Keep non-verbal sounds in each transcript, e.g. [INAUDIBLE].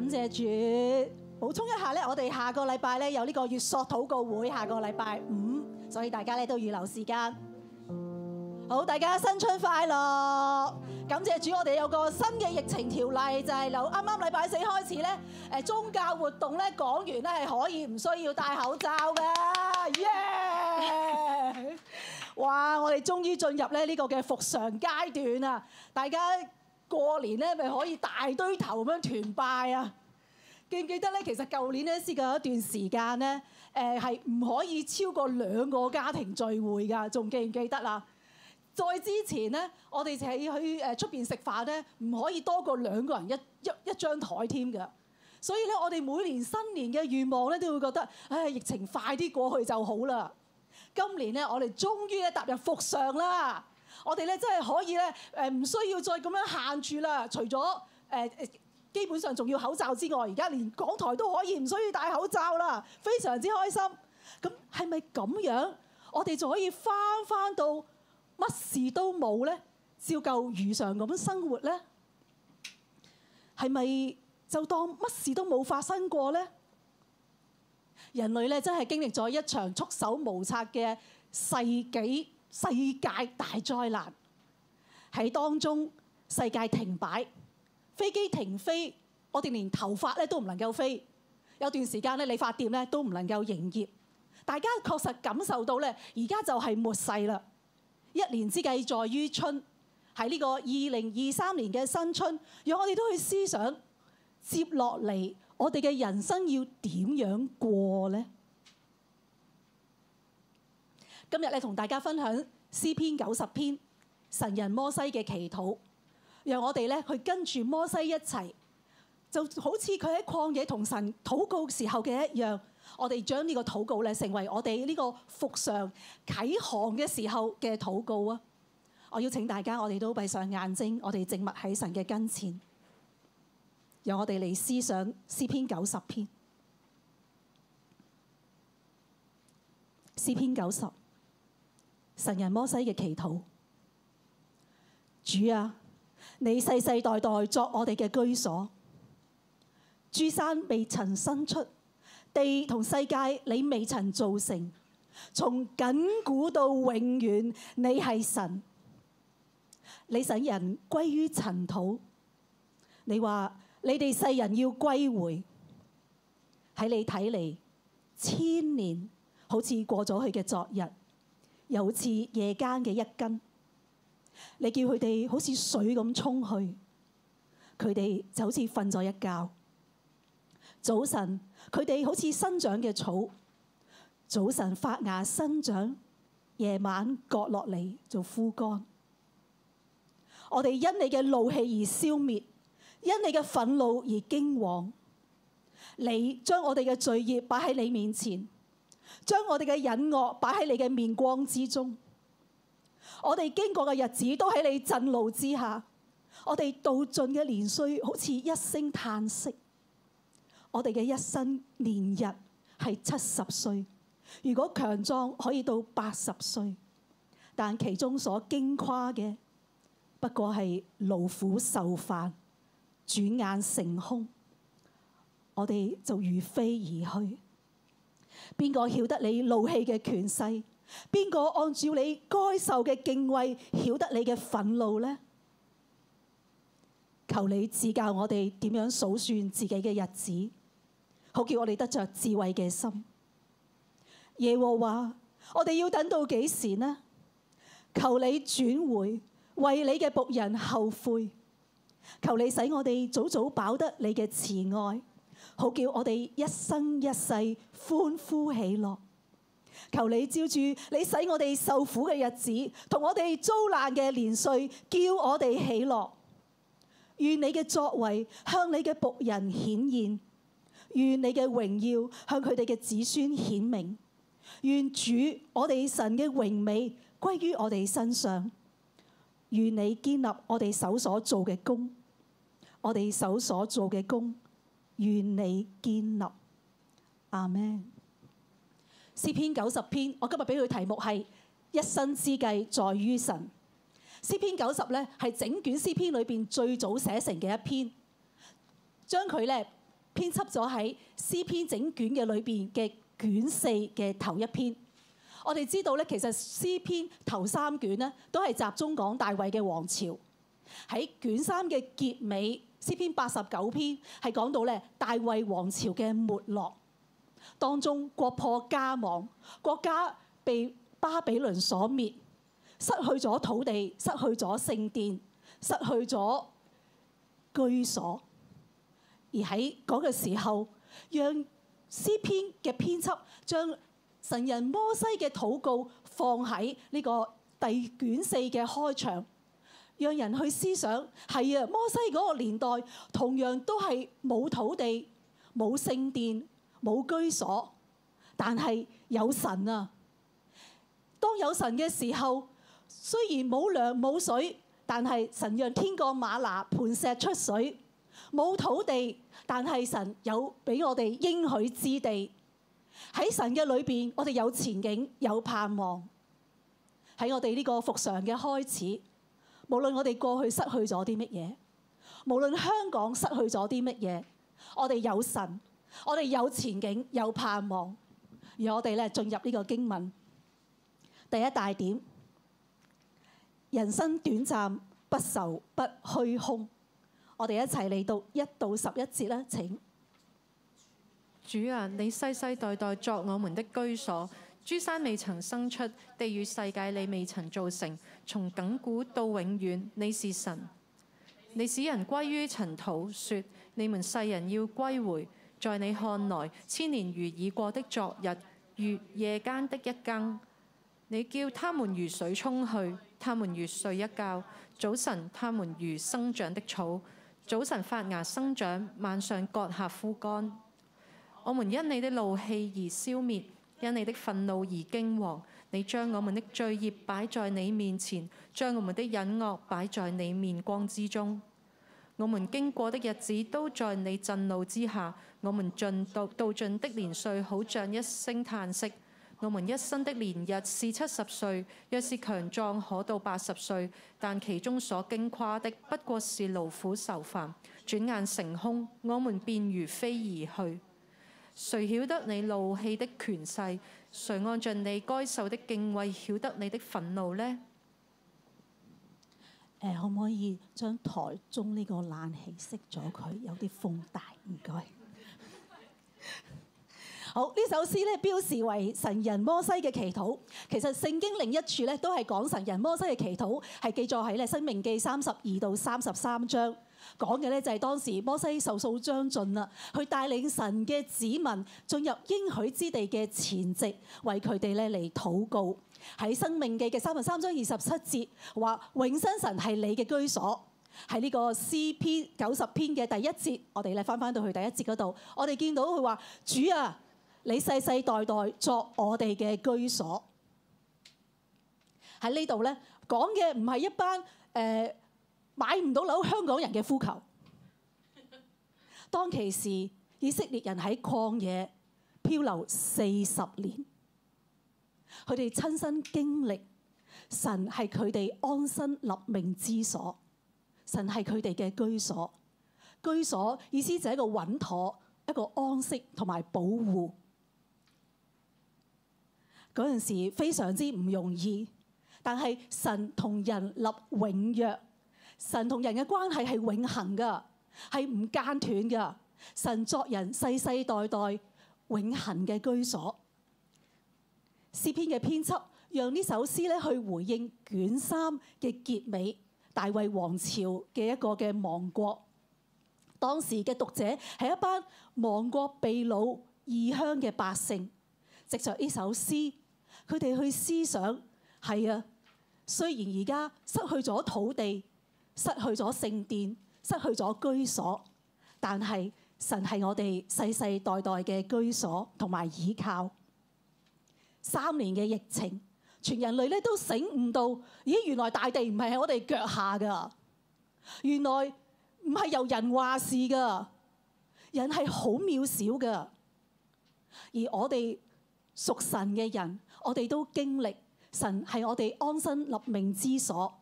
感謝主，補充一下咧，我哋下個禮拜咧有呢個月朔禱告會，下個禮拜五，所以大家咧都預留時間。好，大家新春快樂！感謝主，我哋有個新嘅疫情條例，就係由啱啱禮拜四開始咧，誒宗教活動咧講完咧係可以唔需要戴口罩嘅。耶！哇！我哋終於進入咧呢個嘅復常階段啊！大家。過年咧，咪可以大堆頭咁樣團拜啊？記唔記得咧？其實舊年咧，試過一段時間咧，誒係唔可以超過兩個家庭聚會㗎，仲記唔記得啦？再之前咧，我哋喺去誒出邊食飯咧，唔可以多過兩個人一一一張台添㗎。所以咧，我哋每年新年嘅願望咧，都會覺得，唉，疫情快啲過去就好啦。今年咧，我哋終於咧踏入復常啦。我哋咧真係可以咧，誒唔需要再咁樣限住啦。除咗誒誒，基本上仲要口罩之外，而家連講台都可以唔需要戴口罩啦，非常之開心。咁係咪咁樣，我哋就可以翻翻到乜事都冇咧，照舊如常咁生活咧？係咪就當乜事都冇發生過咧？人類咧真係經歷咗一場束手無策嘅世紀。世界大災難喺當中，世界停擺，飛機停飛，我哋連頭髮咧都唔能夠飛。有段時間咧，理髮店咧都唔能夠營業。大家確實感受到咧，而家就係末世啦。一年之計在於春，喺呢個二零二三年嘅新春，讓我哋都去思想接落嚟我哋嘅人生要點樣過呢？今日咧同大家分享詩篇九十篇神人摩西嘅祈禱，讓我哋咧去跟住摩西一齊，就好似佢喺曠野同神禱告時候嘅一樣。我哋將呢個禱告咧，成為我哋呢個服上啟航嘅時候嘅禱告啊！我邀請大家，我哋都閉上眼睛，我哋靜默喺神嘅跟前，讓我哋嚟思想詩篇九十篇。詩篇九十。神人摩西嘅祈禱，主啊，你世世代代作我哋嘅居所，諸山未曾生出，地同世界你未曾造成，從亙古到永遠，你係神，你神人歸於塵土，你話你哋世人要歸回，喺你睇嚟，千年好似過咗去嘅昨日。.有似夜間嘅一根，你叫佢哋好似水咁沖去，佢哋就好似瞓咗一覺。早晨佢哋好似生長嘅草，早晨發芽生長，夜晚割落嚟做枯乾。我哋因你嘅怒氣而消滅，因你嘅憤怒而驚惶。你將我哋嘅罪孽擺喺你面前。將我哋嘅隱惡擺喺你嘅面光之中，我哋經過嘅日子都喺你震怒之下，我哋度盡嘅年歲好似一聲嘆息。我哋嘅一生年日係七十歲，如果強壯可以到八十歲，但其中所矜誇嘅不過係勞苦愁煩，轉眼成空，我哋就如飛而去。邊個曉得你怒氣嘅權勢？邊個按照你該受嘅敬畏曉得你嘅憤怒呢？求你指教我哋點樣數算自己嘅日子，好叫我哋得着智慧嘅心。耶和華，我哋要等到幾時呢？求你轉回，為你嘅僕人後悔。求你使我哋早早飽得你嘅慈愛。好叫我哋一生一世歡呼喜樂，求你照住你使我哋受苦嘅日子，同我哋遭難嘅年歲，叫我哋喜樂。願你嘅作為向你嘅僕人顯現，願你嘅榮耀向佢哋嘅子孫顯明。願主我哋神嘅榮美歸於我哋身上，願你建立我哋手所做嘅工，我哋手所做嘅工。願你建立，阿們，詩篇九十篇，我今日俾佢題目係一生之計在於神。詩篇九十咧係整卷詩篇裏邊最早寫成嘅一篇，將佢咧編輯咗喺詩篇整卷嘅裏邊嘅卷四嘅頭一篇。我哋知道咧，其實詩篇頭三卷呢都係集中講大衛嘅王朝。喺卷三嘅結尾。詩篇八十九篇係講到咧大衛王朝嘅沒落，當中國破家亡，國家被巴比倫所滅，失去咗土地，失去咗聖殿，失去咗居所。而喺嗰個時候，讓詩篇嘅編輯將神人摩西嘅禱告放喺呢個第卷四嘅開場。讓人去思想，係啊，摩西嗰個年代同樣都係冇土地、冇聖殿、冇居所，但係有神啊。當有神嘅時候，雖然冇糧冇水，但係神讓天降馬拿磐石出水。冇土地，但係神有俾我哋應許之地。喺神嘅裏邊，我哋有前景，有盼望。喺我哋呢個復常嘅開始。無論我哋過去失去咗啲乜嘢，無論香港失去咗啲乜嘢，我哋有神，我哋有前景，有盼望，而我哋咧進入呢個經文，第一大點，人生短暫，不愁不虛空。我哋一齊嚟到一到十一節啦，請，主啊，你世世代代作我們的居所。珠山未曾生出，地與世界你未曾造成。從亘古到永遠，你是神，你使人歸於塵土。説你們世人要歸回，在你看來千年如已過的昨日，如夜間的一更。你叫他們如水沖去，他們如睡一覺。早晨他們如生長的草，早晨發芽生長，晚上割下枯乾。我們因你的怒氣而消滅。因你的憤怒而驚惶，你將我們的罪孽擺在你面前，將我們的隱惡擺在你面光之中。我們經過的日子都在你震怒之下，我們盡到到盡，盡，盡的年歲，好像一聲嘆息。我們一生的年日是七十歲，若是強壯可到八十歲，但其中所矜誇的不過是勞苦愁煩，轉眼成空，我們便如飛而去。誰曉得你怒氣的權勢？誰按著你該受的敬畏曉得你的憤怒呢？誒，可唔可以將台中呢個冷氣熄咗？佢有啲風大，唔該。 [LAUGHS] 好，呢首詩咧標示為神人摩西嘅祈禱。其實聖經另一處咧都係講神人摩西嘅祈禱，係記載喺咧《申命記》三十二到三十三章。講嘅咧就係當時摩西受數將盡啦，佢帶領神嘅子民進入應許之地嘅前夕，為佢哋咧嚟禱告。喺《生命記》嘅三十三章二十七節話：永生神係你嘅居所。喺呢個詩篇九十篇嘅第一節，我哋咧翻翻到去第一節嗰度，我哋見到佢話：主啊，你世世代代作我哋嘅居所。喺呢度咧講嘅唔係一班誒。呃買唔到樓，香港人嘅呼求。當其時，以色列人喺曠野漂流四十年，佢哋親身經歷。神係佢哋安身立命之所，神係佢哋嘅居所。居所意思就係一個穩妥、一個安息同埋保護。嗰陣時非常之唔容易，但係神同人立永約。神同人嘅關係係永恆噶，係唔間斷噶。神作人世世代代永恆嘅居所。詩篇嘅編輯讓呢首詩咧去回應卷三嘅結尾，大衛王朝嘅一個嘅亡國。當時嘅讀者係一班亡國被擄異鄉嘅百姓，藉着呢首詩，佢哋去思想，係啊，雖然而家失去咗土地。失去咗聖殿，失去咗居所，但係神係我哋世世代代嘅居所同埋倚靠。三年嘅疫情，全人類咧都醒悟到，咦，原來大地唔係喺我哋腳下噶，原來唔係由人話事噶，人係好渺小噶。而我哋屬神嘅人，我哋都經歷，神係我哋安身立命之所。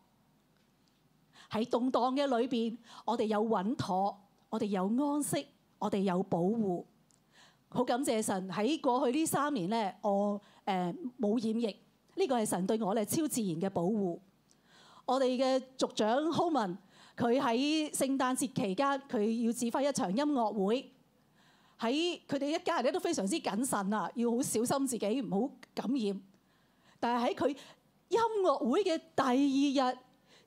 喺動蕩嘅裏邊，我哋有穩妥，我哋有安息，我哋有保護。好感謝神。喺過去呢三年咧，我誒冇染疫，呢個係神對我哋超自然嘅保護。我哋嘅族長 Homan，佢喺聖誕節期間，佢要指揮一場音樂會。喺佢哋一家人咧都非常之謹慎啊，要好小心自己唔好感染。但係喺佢音樂會嘅第二日。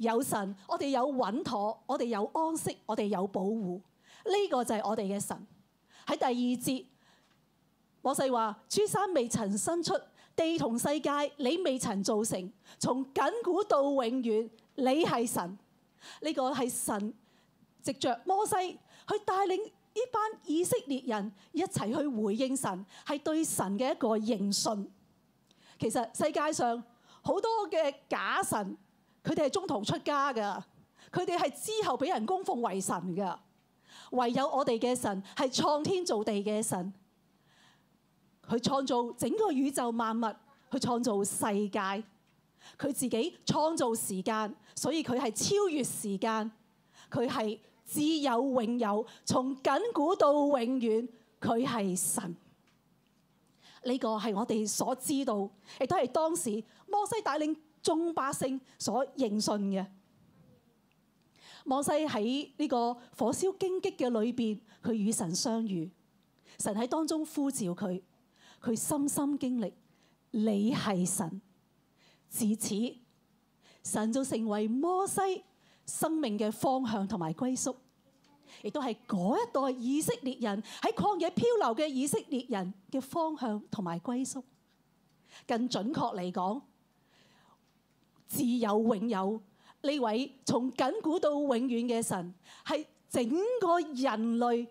有神，我哋有穩妥，我哋有安息，我哋有保護，呢、這個就係我哋嘅神。喺第二節，摩西話：諸山未曾伸出，地同世界你未曾造成，從亙古到永遠，你係神。呢、這個係神藉着摩西去帶領呢班以色列人一齊去回應神，係對神嘅一個認信。其實世界上好多嘅假神。佢哋係中途出家噶，佢哋係之後俾人供奉為神噶。唯有我哋嘅神係創天造地嘅神，佢創造整個宇宙萬物，佢創造世界，佢自己創造時間，所以佢係超越時間，佢係自有永有，從亙古到永遠，佢係神。呢個係我哋所知道，亦都係當時摩西帶領。中百姓所認信嘅，摩西喺呢個火燒荊棘嘅裏邊，佢與神相遇，神喺當中呼召佢，佢深深經歷，你係神，自此神就成為摩西生命嘅方向同埋歸宿，亦都係嗰一代以色列人喺曠野漂流嘅以色列人嘅方向同埋歸宿，更準確嚟講。自有永有呢位從亘古到永遠嘅神，係整個人類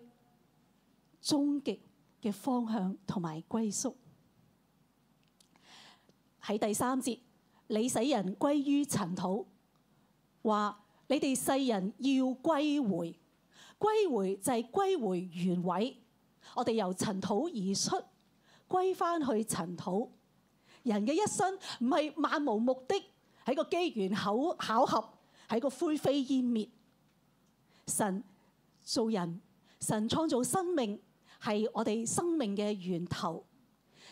終極嘅方向同埋歸宿。喺第三節，你使人歸於塵土，話你哋世人要歸回，歸回就係歸回原位。我哋由塵土而出，歸翻去塵土。人嘅一生唔係漫無目的。喺個機緣巧合，喺個灰飛煙滅。神造人，神創造生命，係我哋生命嘅源頭。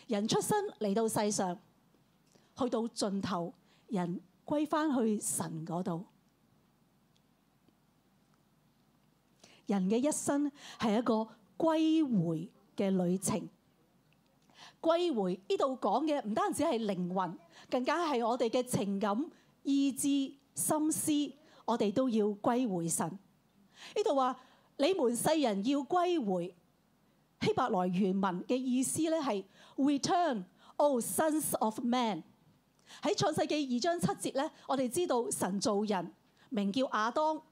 人出生嚟到世上，去到盡頭，人歸返去神嗰度。人嘅一生係一個歸回嘅旅程。歸回呢度講嘅唔單止係靈魂，更加係我哋嘅情感、意志、心思，我哋都要歸回神。呢度話你們世人要歸回希伯來原文嘅意思咧係 return all sons of man。喺創世記二章七節咧，我哋知道神造人，名叫亞當，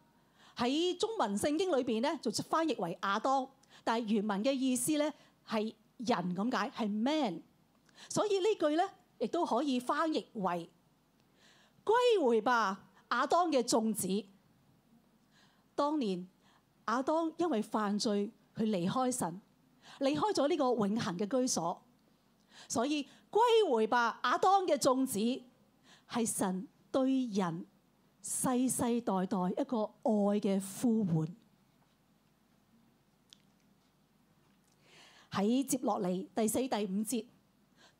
喺中文聖經裏邊咧就翻譯為亞當，但係原文嘅意思咧係。人咁解係 man，所以呢句呢亦都可以翻譯為歸回吧，亞當嘅眾子。當年亞當因為犯罪佢離開神，離開咗呢個永恆嘅居所，所以歸回吧，亞當嘅眾子係神對人世世代代一個愛嘅呼喚。喺接落嚟第四、第五節，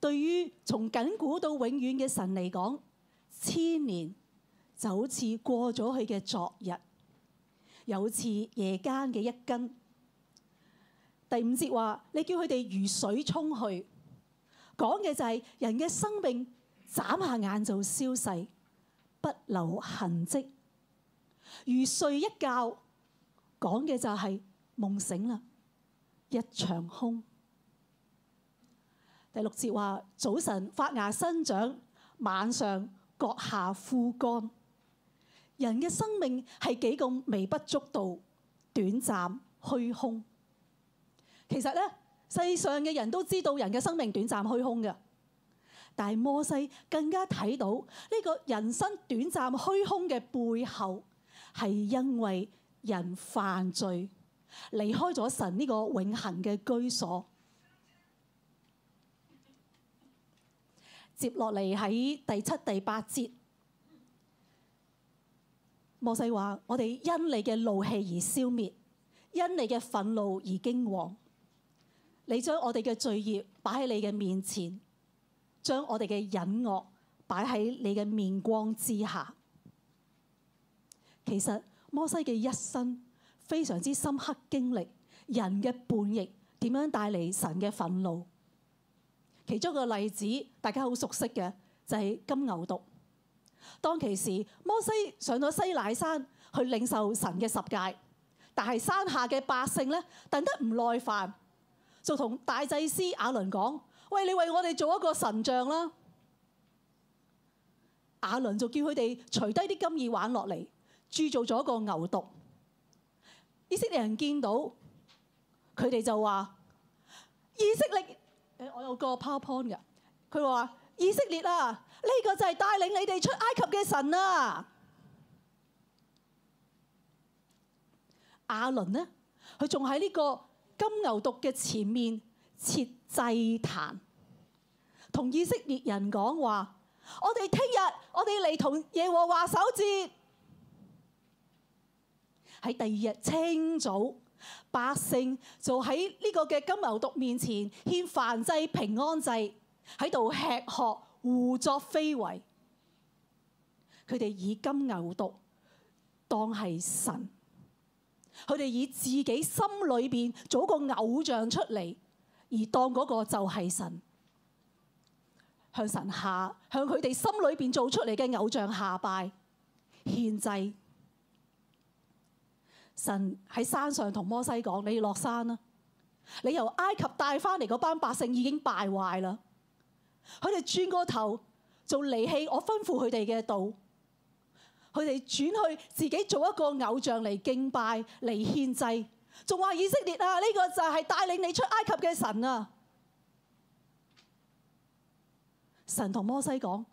對於從亙古到永遠嘅神嚟講，千年就好似過咗去嘅昨日，又好似夜間嘅一更。第五節話：你叫佢哋如水沖去，講嘅就係人嘅生命，眨下眼就消逝，不留痕跡，如睡一覺，講嘅就係夢醒啦，一場空。第六節話：早晨發芽生長，晚上割下枯乾。人嘅生命係幾咁微不足道、短暫、虛空。其實咧，世上嘅人都知道人嘅生命短暫、虛空嘅。但係摩西更加睇到呢個人生短暫、虛空嘅背後，係因為人犯罪，離開咗神呢個永恆嘅居所。接落嚟喺第七、第八節，摩西話：我哋因你嘅怒氣而消滅，因你嘅憤怒而驚惶。你將我哋嘅罪孽擺喺你嘅面前，將我哋嘅隱惡擺喺你嘅面光之下。其實摩西嘅一生非常之深刻經歷，人嘅叛逆點樣帶嚟神嘅憤怒。其中一個例子，大家好熟悉嘅就係、是、金牛犢。當其時，摩西上咗西乃山去領受神嘅十戒，但係山下嘅百姓咧，等得唔耐煩，就同大祭司亞倫講：喂，你為我哋做一個神像啦！亞倫就叫佢哋除低啲金耳環落嚟，鑄造咗一個牛犢。以色列人見到，佢哋就話：以色列。誒，我有個 PowerPoint 嘅，佢話以色列啊，呢個就係帶領你哋出埃及嘅神啊。亞倫呢，佢仲喺呢個金牛犢嘅前面設祭壇，同以色列人講話：我哋聽日，我哋嚟同耶和華守節。喺第二日清早。百姓就喺呢個嘅金牛犢面前獻燔祭、平安祭，喺度吃喝胡作非為。佢哋以金牛犢當係神，佢哋以自己心裏邊做一個偶像出嚟，而當嗰個就係神，向神下向佢哋心裏邊做出嚟嘅偶像下拜獻祭。神喺山上同摩西講：你要落山啦！你由埃及帶翻嚟嗰班百姓已經敗壞啦，佢哋轉個頭做離棄我吩咐佢哋嘅道，佢哋轉去自己做一個偶像嚟敬拜嚟獻祭，仲話以色列啊，呢個就係帶領你出埃及嘅神啊！神同摩西講：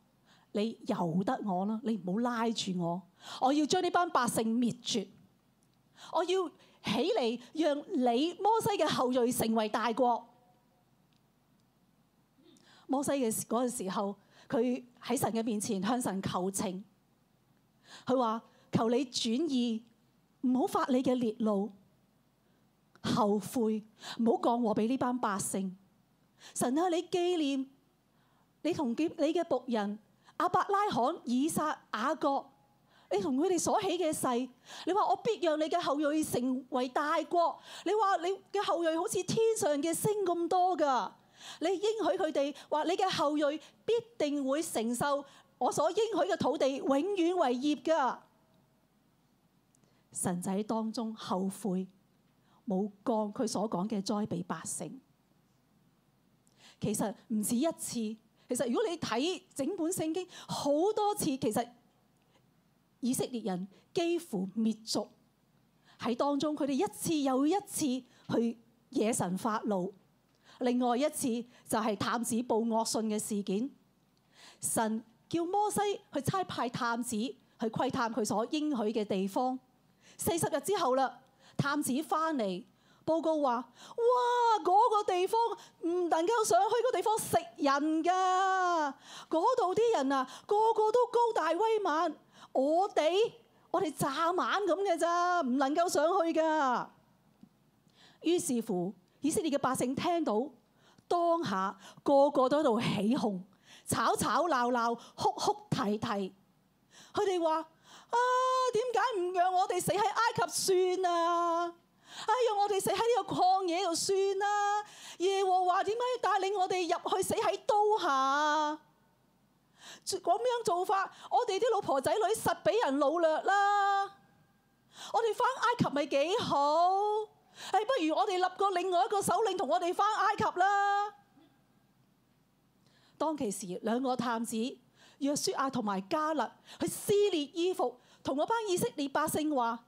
你由得我啦，你唔好拉住我，我要將呢班百姓滅絕。我要起嚟，讓你摩西嘅後裔成為大國。摩西嘅時陣時候，佢喺神嘅面前向神求情，佢話，求你轉意，唔好發你嘅烈怒，後悔，唔好降禍俾呢班百姓。神啊，你紀念你同記你嘅僕人阿伯拉罕、以撒、雅各。你同佢哋所起嘅誓，你話我必讓你嘅後裔成為大國。你話你嘅後裔好似天上嘅星咁多噶，你應許佢哋話你嘅後裔必定會承受我所應許嘅土地，永遠為業噶。神仔當中後悔冇降佢所講嘅災畀百姓，其實唔止一次。其實如果你睇整本聖經，好多次其實。以色列人幾乎滅族喺當中，佢哋一次又一次去惹神發怒。另外一次就係探子報惡信嘅事件。神叫摩西去差派探子去窺探佢所應許嘅地方。四十日之後啦，探子翻嚟報告話：哇，嗰個地方唔能夠上去，嗰地方食人㗎，嗰度啲人啊，個個都高大威猛。我哋我哋蚱蜢咁嘅咋，唔能夠上去噶。於是乎，以色列嘅百姓聽到，當下個個都喺度起哄，吵吵鬧鬧，哭哭啼啼。佢哋話：啊，點解唔讓我哋死喺埃及算啊？哎呀，我哋死喺呢個曠野度算啦、啊。耶和華點解要帶領我哋入去死喺刀下？講咩樣做法？我哋啲老婆仔女實俾人擄掠啦！我哋翻埃及咪幾好？係不如我哋立個另外一個首領同我哋翻埃及啦。 [NOISE] 當其時，兩個探子約書亞同埋迦勒去撕裂衣服，同嗰班以色列百姓話：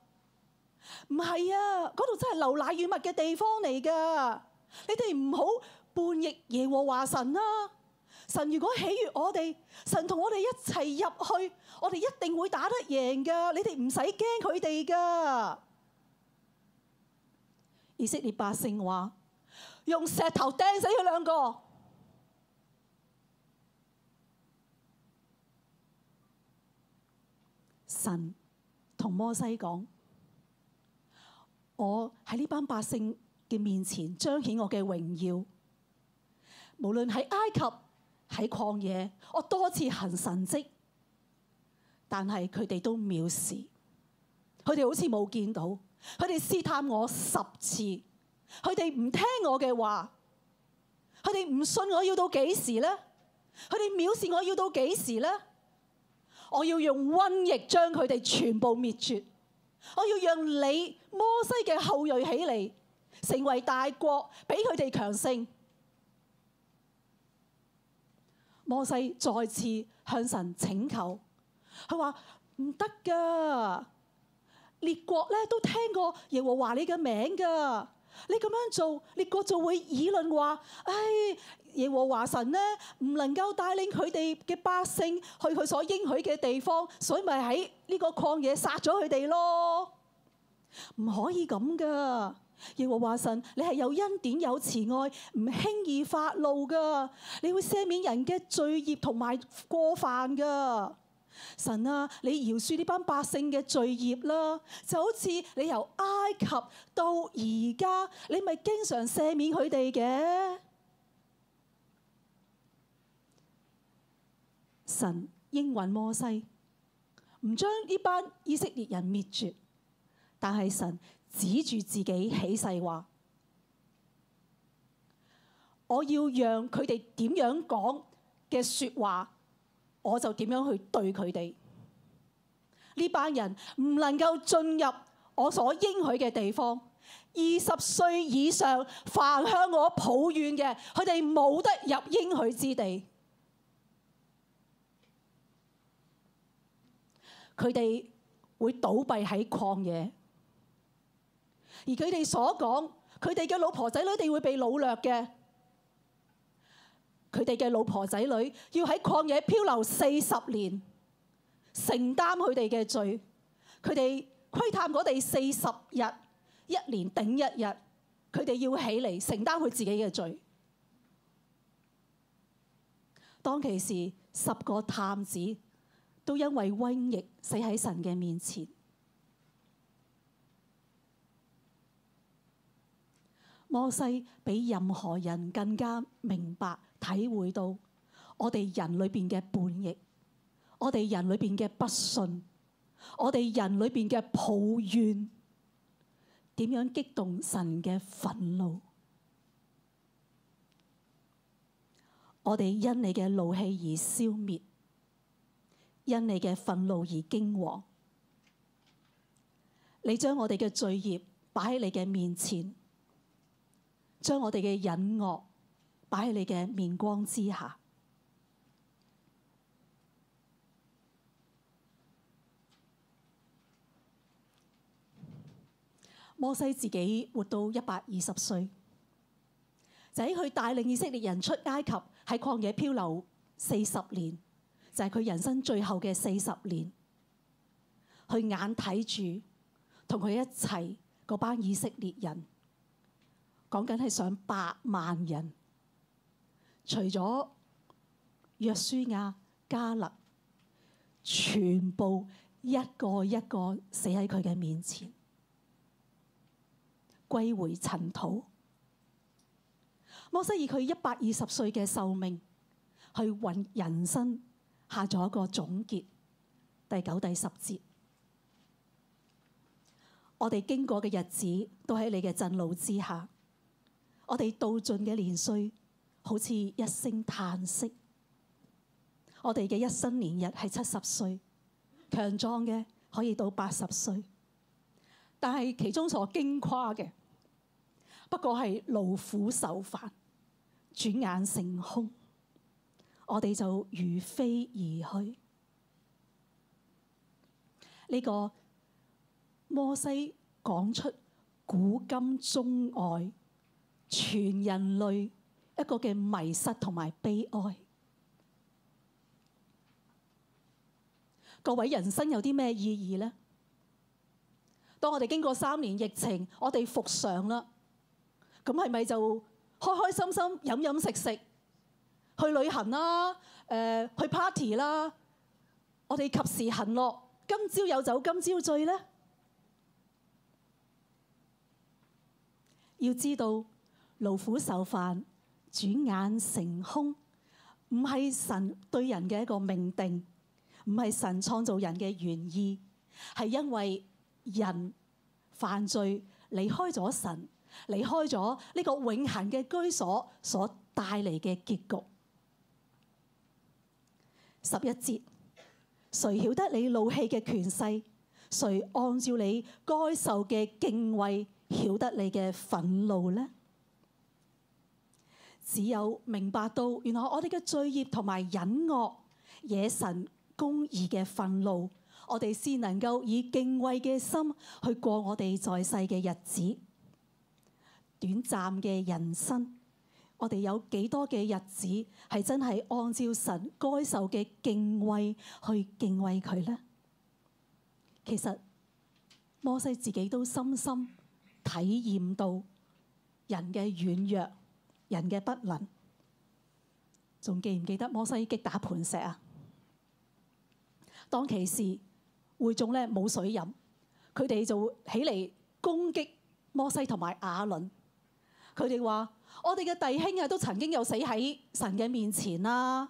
唔係 [NOISE] 啊，嗰度真係流奶與蜜嘅地方嚟㗎！你哋唔好叛逆耶和華神啊！神如果喜悦我哋，神同我哋一齊入去，我哋一定會打得贏㗎。你哋唔使驚佢哋㗎。以色列百姓話：用石頭掟死佢兩個。神同摩西講：我喺呢班百姓嘅面前彰顯我嘅榮耀，無論喺埃及。喺曠野，我多次行神蹟，但係佢哋都藐視，佢哋好似冇見到，佢哋試探我十次，佢哋唔聽我嘅話，佢哋唔信我要到幾時呢？佢哋藐視我要到幾時呢？我要用瘟疫將佢哋全部滅絕，我要讓你摩西嘅後裔起嚟，成為大國，比佢哋強盛。摩西再次向神請求，佢話唔得噶，列國咧都聽過耶和華你嘅名噶，你咁樣做，列國就會議論話，唉、哎，耶和華神呢，唔能夠帶領佢哋嘅百姓去佢所應許嘅地方，所以咪喺呢個曠野殺咗佢哋咯，唔可以咁噶。耶和華神，你係有恩典有慈愛，唔輕易發怒噶，你會赦免人嘅罪孽同埋過犯噶。神啊，你饒恕呢班百姓嘅罪孽啦，就好似你由埃及到而家，你咪經常赦免佢哋嘅。神應允摩西，唔將呢班以色列人滅絕，但係神。指住自己起誓話：我要讓佢哋點樣講嘅說話，我就點樣去對佢哋。呢班人唔能夠進入我所應許嘅地方。二十歲以上凡向我抱怨嘅，佢哋冇得入應許之地。佢哋會倒閉喺曠野。而佢哋所講，佢哋嘅老婆仔女哋會被擄掠嘅。佢哋嘅老婆仔女要喺曠野漂流四十年，承擔佢哋嘅罪。佢哋窺探嗰地四十日，一年頂一日。佢哋要起嚟承擔佢自己嘅罪。當其時，十個探子都因為瘟疫死喺神嘅面前。摩西比任何人更加明白、體會到我哋人裏邊嘅叛逆，我哋人裏邊嘅不信，我哋人裏邊嘅抱怨，點樣激動神嘅憤怒。我哋因你嘅怒氣而消滅，因你嘅憤怒而驚惶。你將我哋嘅罪孽擺喺你嘅面前。將我哋嘅隱惡擺喺你嘅面光之下。摩西自己活到一百二十歲，就喺佢帶領以色列人出埃及喺曠野漂流四十年，就係佢人生最後嘅四十年，佢眼睇住同佢一齊嗰班以色列人，講緊係上百萬人，除咗約書亞、迦勒，全部一個一個死喺佢嘅面前，歸回塵土。摩西以佢一百二十歲嘅壽命去揾人生，下咗一個總結。第九、第十節，我哋經過嘅日子都喺你嘅震怒之下。我哋到盡嘅年歲，好似一聲嘆息；我哋嘅一生年日係七十歲，強壯嘅可以到八十歲，但係其中所矜誇嘅，不過係勞苦受煩，轉眼成空，我哋就如飛而去。呢、這個摩西講出古今中外，全人類一個嘅迷失同埋悲哀，各位人生有啲咩意義呢？當我哋經過三年疫情，我哋復常啦，咁係咪就開開心心飲飲食食去旅行啦？誒、呃，去 party 啦？我哋及時行樂，今朝有酒今朝醉呢？要知道。勞苦愁煩，轉眼成空，唔係神對人嘅一個命定，唔係神創造人嘅原意，係因為人犯罪，離開咗神，離開咗呢個永恒嘅居所，所帶嚟嘅結局。十一節，誰曉得你怒氣嘅權勢？誰按照你該受嘅敬畏，曉得你嘅憤怒呢？只有明白到，原來我哋嘅罪孽同埋隱惡惹神公義嘅憤怒，我哋先能夠以敬畏嘅心去過我哋在世嘅日子。短暫嘅人生，我哋有幾多嘅日子係真係按照神該受嘅敬畏去敬畏佢呢？其實摩西自己都深深體驗到人嘅軟弱。人嘅不能，仲記唔記得摩西擊打磐石啊？當其時會眾咧冇水飲，佢哋就起嚟攻擊摩西同埋亞倫。佢哋話：我哋嘅弟兄啊，都曾經有死喺神嘅面前啦，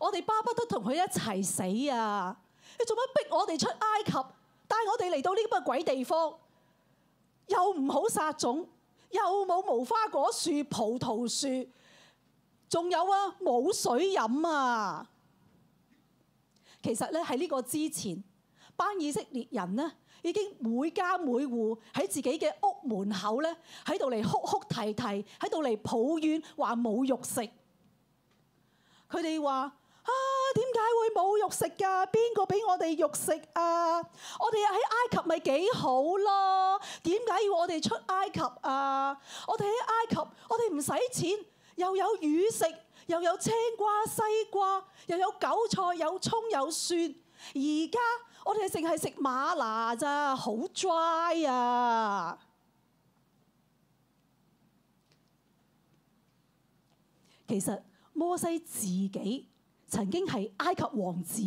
我哋巴不得同佢一齊死啊！你做乜逼我哋出埃及，帶我哋嚟到呢咁嘅鬼地方，又唔好撒種？又冇無花果樹、葡萄樹，仲有啊冇水飲啊！其實咧喺呢個之前，班以色列人呢已經每家每戶喺自己嘅屋門口咧喺度嚟哭哭啼啼，喺度嚟抱怨話冇肉食。佢哋話。啊，點解會冇肉食噶？邊個俾我哋肉食啊？我哋喺埃及咪幾好咯？點解要我哋出埃及啊？我哋喺埃及，我哋唔使錢，又有魚食，又有青瓜、西瓜，又有韭菜、有葱、有蒜。而家我哋淨係食馬拿咋，好 dry 啊！其實摩西自己。曾經係埃及王子，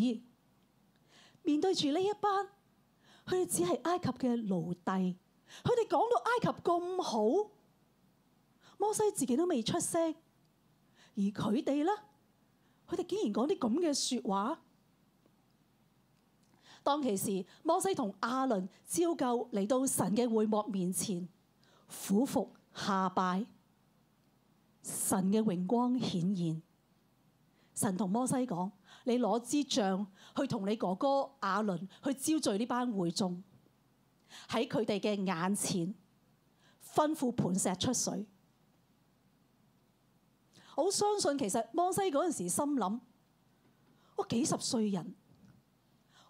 面對住呢一班，佢哋只係埃及嘅奴隸。佢哋講到埃及咁好，摩西自己都未出聲，而佢哋呢，佢哋竟然講啲咁嘅說話。當其時，摩西同亞倫照舊嚟到神嘅會幕面前，俯伏下拜，神嘅榮光顯現。神同摩西講：你攞支杖去同你哥哥亞倫去招聚呢班會眾，喺佢哋嘅眼前吩咐磐石出水。我相信其實摩西嗰陣時心諗：我幾十歲人，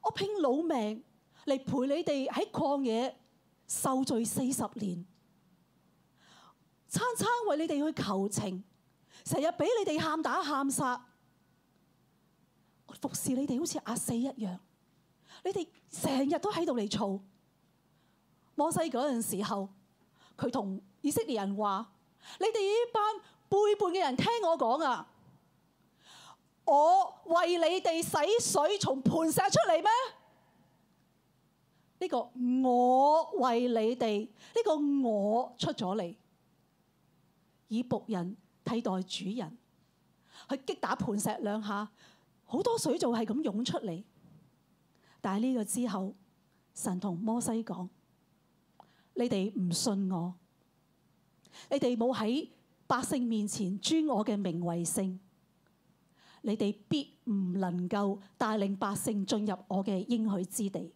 我拼老命嚟陪你哋喺曠野受罪四十年，餐餐為你哋去求情，成日俾你哋喊打喊殺。服侍你哋好似阿四一樣，你哋成日都喺度嚟嘈。摩西嗰陣時候，佢同以色列人話：「你哋呢班背叛嘅人聽我講啊！我為你哋洗水從磐石出嚟咩？呢、這個我為你哋，呢、這個我出咗嚟，以僕人替代主人，去擊打磐石兩下。好多水就係咁湧出嚟，但係呢個之後，神同摩西講：你哋唔信我，你哋冇喺百姓面前尊我嘅名為聖，你哋必唔能夠帶領百姓進入我嘅應許之地。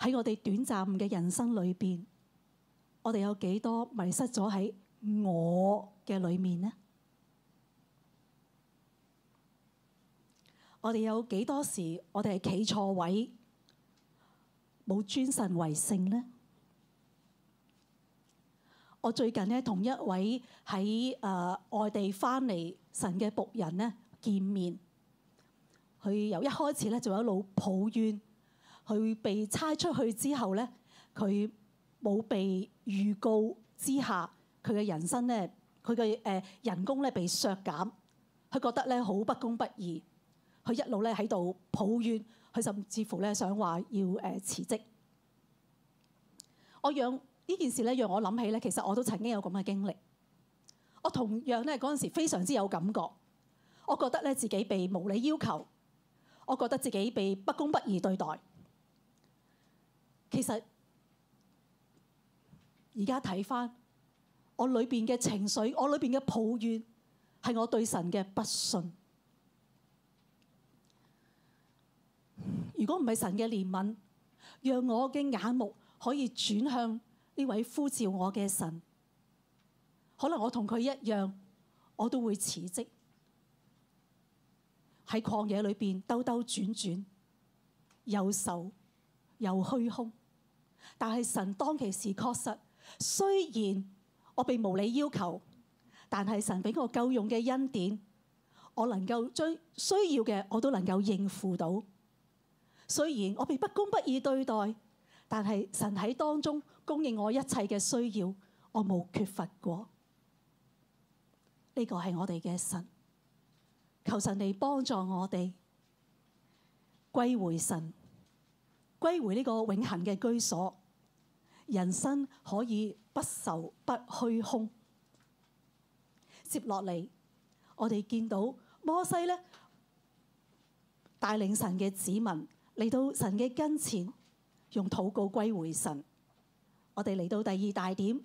喺我哋短暫嘅人生裏邊，我哋有幾多迷失咗喺？我嘅裏面呢？我哋有幾多時？我哋係企錯位，冇尊神為聖呢？我最近呢，同一位喺誒、呃、外地翻嚟神嘅僕人呢，見面，佢由一開始咧就一路抱怨，佢被差出去之後呢，佢冇被預告之下。佢嘅人生咧，佢嘅誒人工咧被削減，佢覺得咧好不公不義，佢一路咧喺度抱怨，佢甚至乎咧想話要誒辭職。我讓呢件事咧讓我諗起咧，其實我都曾經有咁嘅經歷，我同樣咧嗰陣時非常之有感覺，我覺得咧自己被無理要求，我覺得自己被不公不義對待。其實而家睇返。我裏邊嘅情緒，我裏邊嘅抱怨，係我對神嘅不信。如果唔係神嘅憐憫，讓我嘅眼目可以轉向呢位呼召我嘅神，可能我同佢一樣，我都會辭職喺曠野裏邊兜兜轉轉，又愁又虛空。但係神當其時確實，雖然。我被無理要求，但係神俾我夠用嘅恩典，我能夠將需要嘅我都能夠應付到。雖然我被不公不義對待，但係神喺當中供應我一切嘅需要，我冇缺乏過。呢個係我哋嘅神，求神嚟幫助我哋歸回神，歸回呢個永恆嘅居所，人生可以。不愁不虛空。接落嚟，我哋見到摩西咧帶領神嘅子民嚟到神嘅跟前，用禱告歸回神。我哋嚟到第二大點，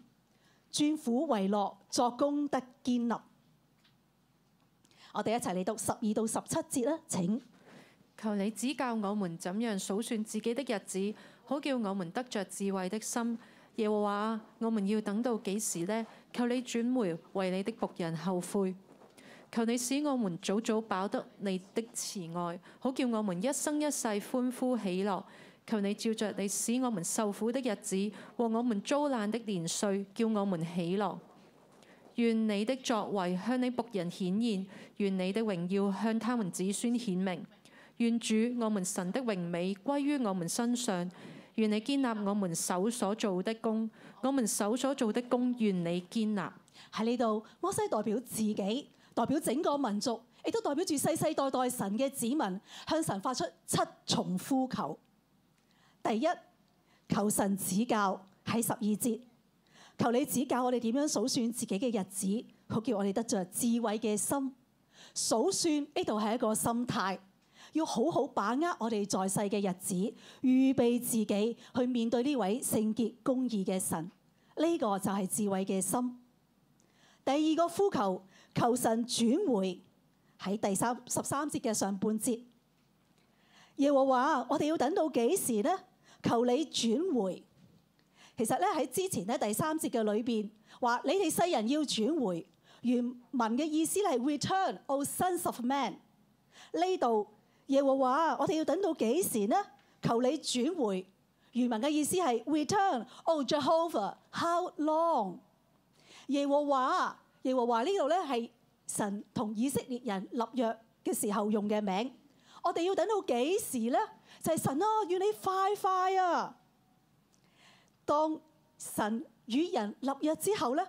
轉苦為樂，作功德建立。我哋一齊嚟讀十二到十七節啦，請。求你指教我們怎樣數算自己的日子，好叫我們得着智慧的心。耶和華啊，我們要等到幾時呢？求你轉回，為你的僕人後悔；求你使我們早早飽得你的慈愛，好叫我們一生一世歡呼喜樂。求你照着你使我們受苦的日子和我們遭難的年歲，叫我們喜樂。願你的作為向你僕人顯現，願你的榮耀向他們子孫顯明。願主我們神的榮美歸於我們身上。願你堅立我們手所做的工，我們手所做的工，願你堅立。喺呢度，摩西代表自己，代表整個民族，亦都代表住世世代代神嘅子民，向神發出七重呼求。第一，求神指教，喺十二節，求你指教我哋點樣數算自己嘅日子，好叫我哋得著智慧嘅心。數算呢度係一個心態。要好好把握我哋在世嘅日子，預備自己去面對呢位聖潔公義嘅神。呢、這個就係智慧嘅心。第二個呼求，求神轉回喺第三、十三節嘅上半節。耶和華，我哋要等到幾時呢？求你轉回。其實咧喺之前咧第三節嘅裏邊話，你哋世人要轉回。原文嘅意思係 return, O sons of man。呢度。耶和華，我哋要等到幾時呢？求你轉回。原文嘅意思係 return，Oh Jehovah，how long？耶和華，耶和華呢度咧係神同以色列人立約嘅時候用嘅名。我哋要等到幾時呢？就係、是、神啊，要你快快啊！當神與人立約之後咧，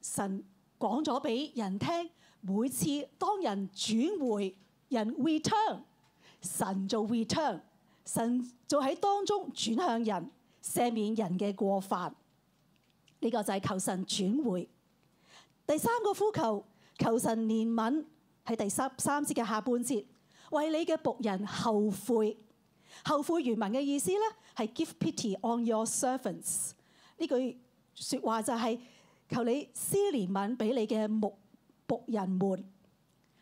神講咗俾人聽，每次當人轉回。人 return，神做 return，神做喺當中轉向人，赦免人嘅過犯。呢、這個就係求神轉回。第三個呼求，求神憐憫喺第三,三節嘅下半節，為你嘅僕人後悔。後悔原文嘅意思咧係 give pity on your servants。呢句說話就係求你施憐憫俾你嘅僕僕人們。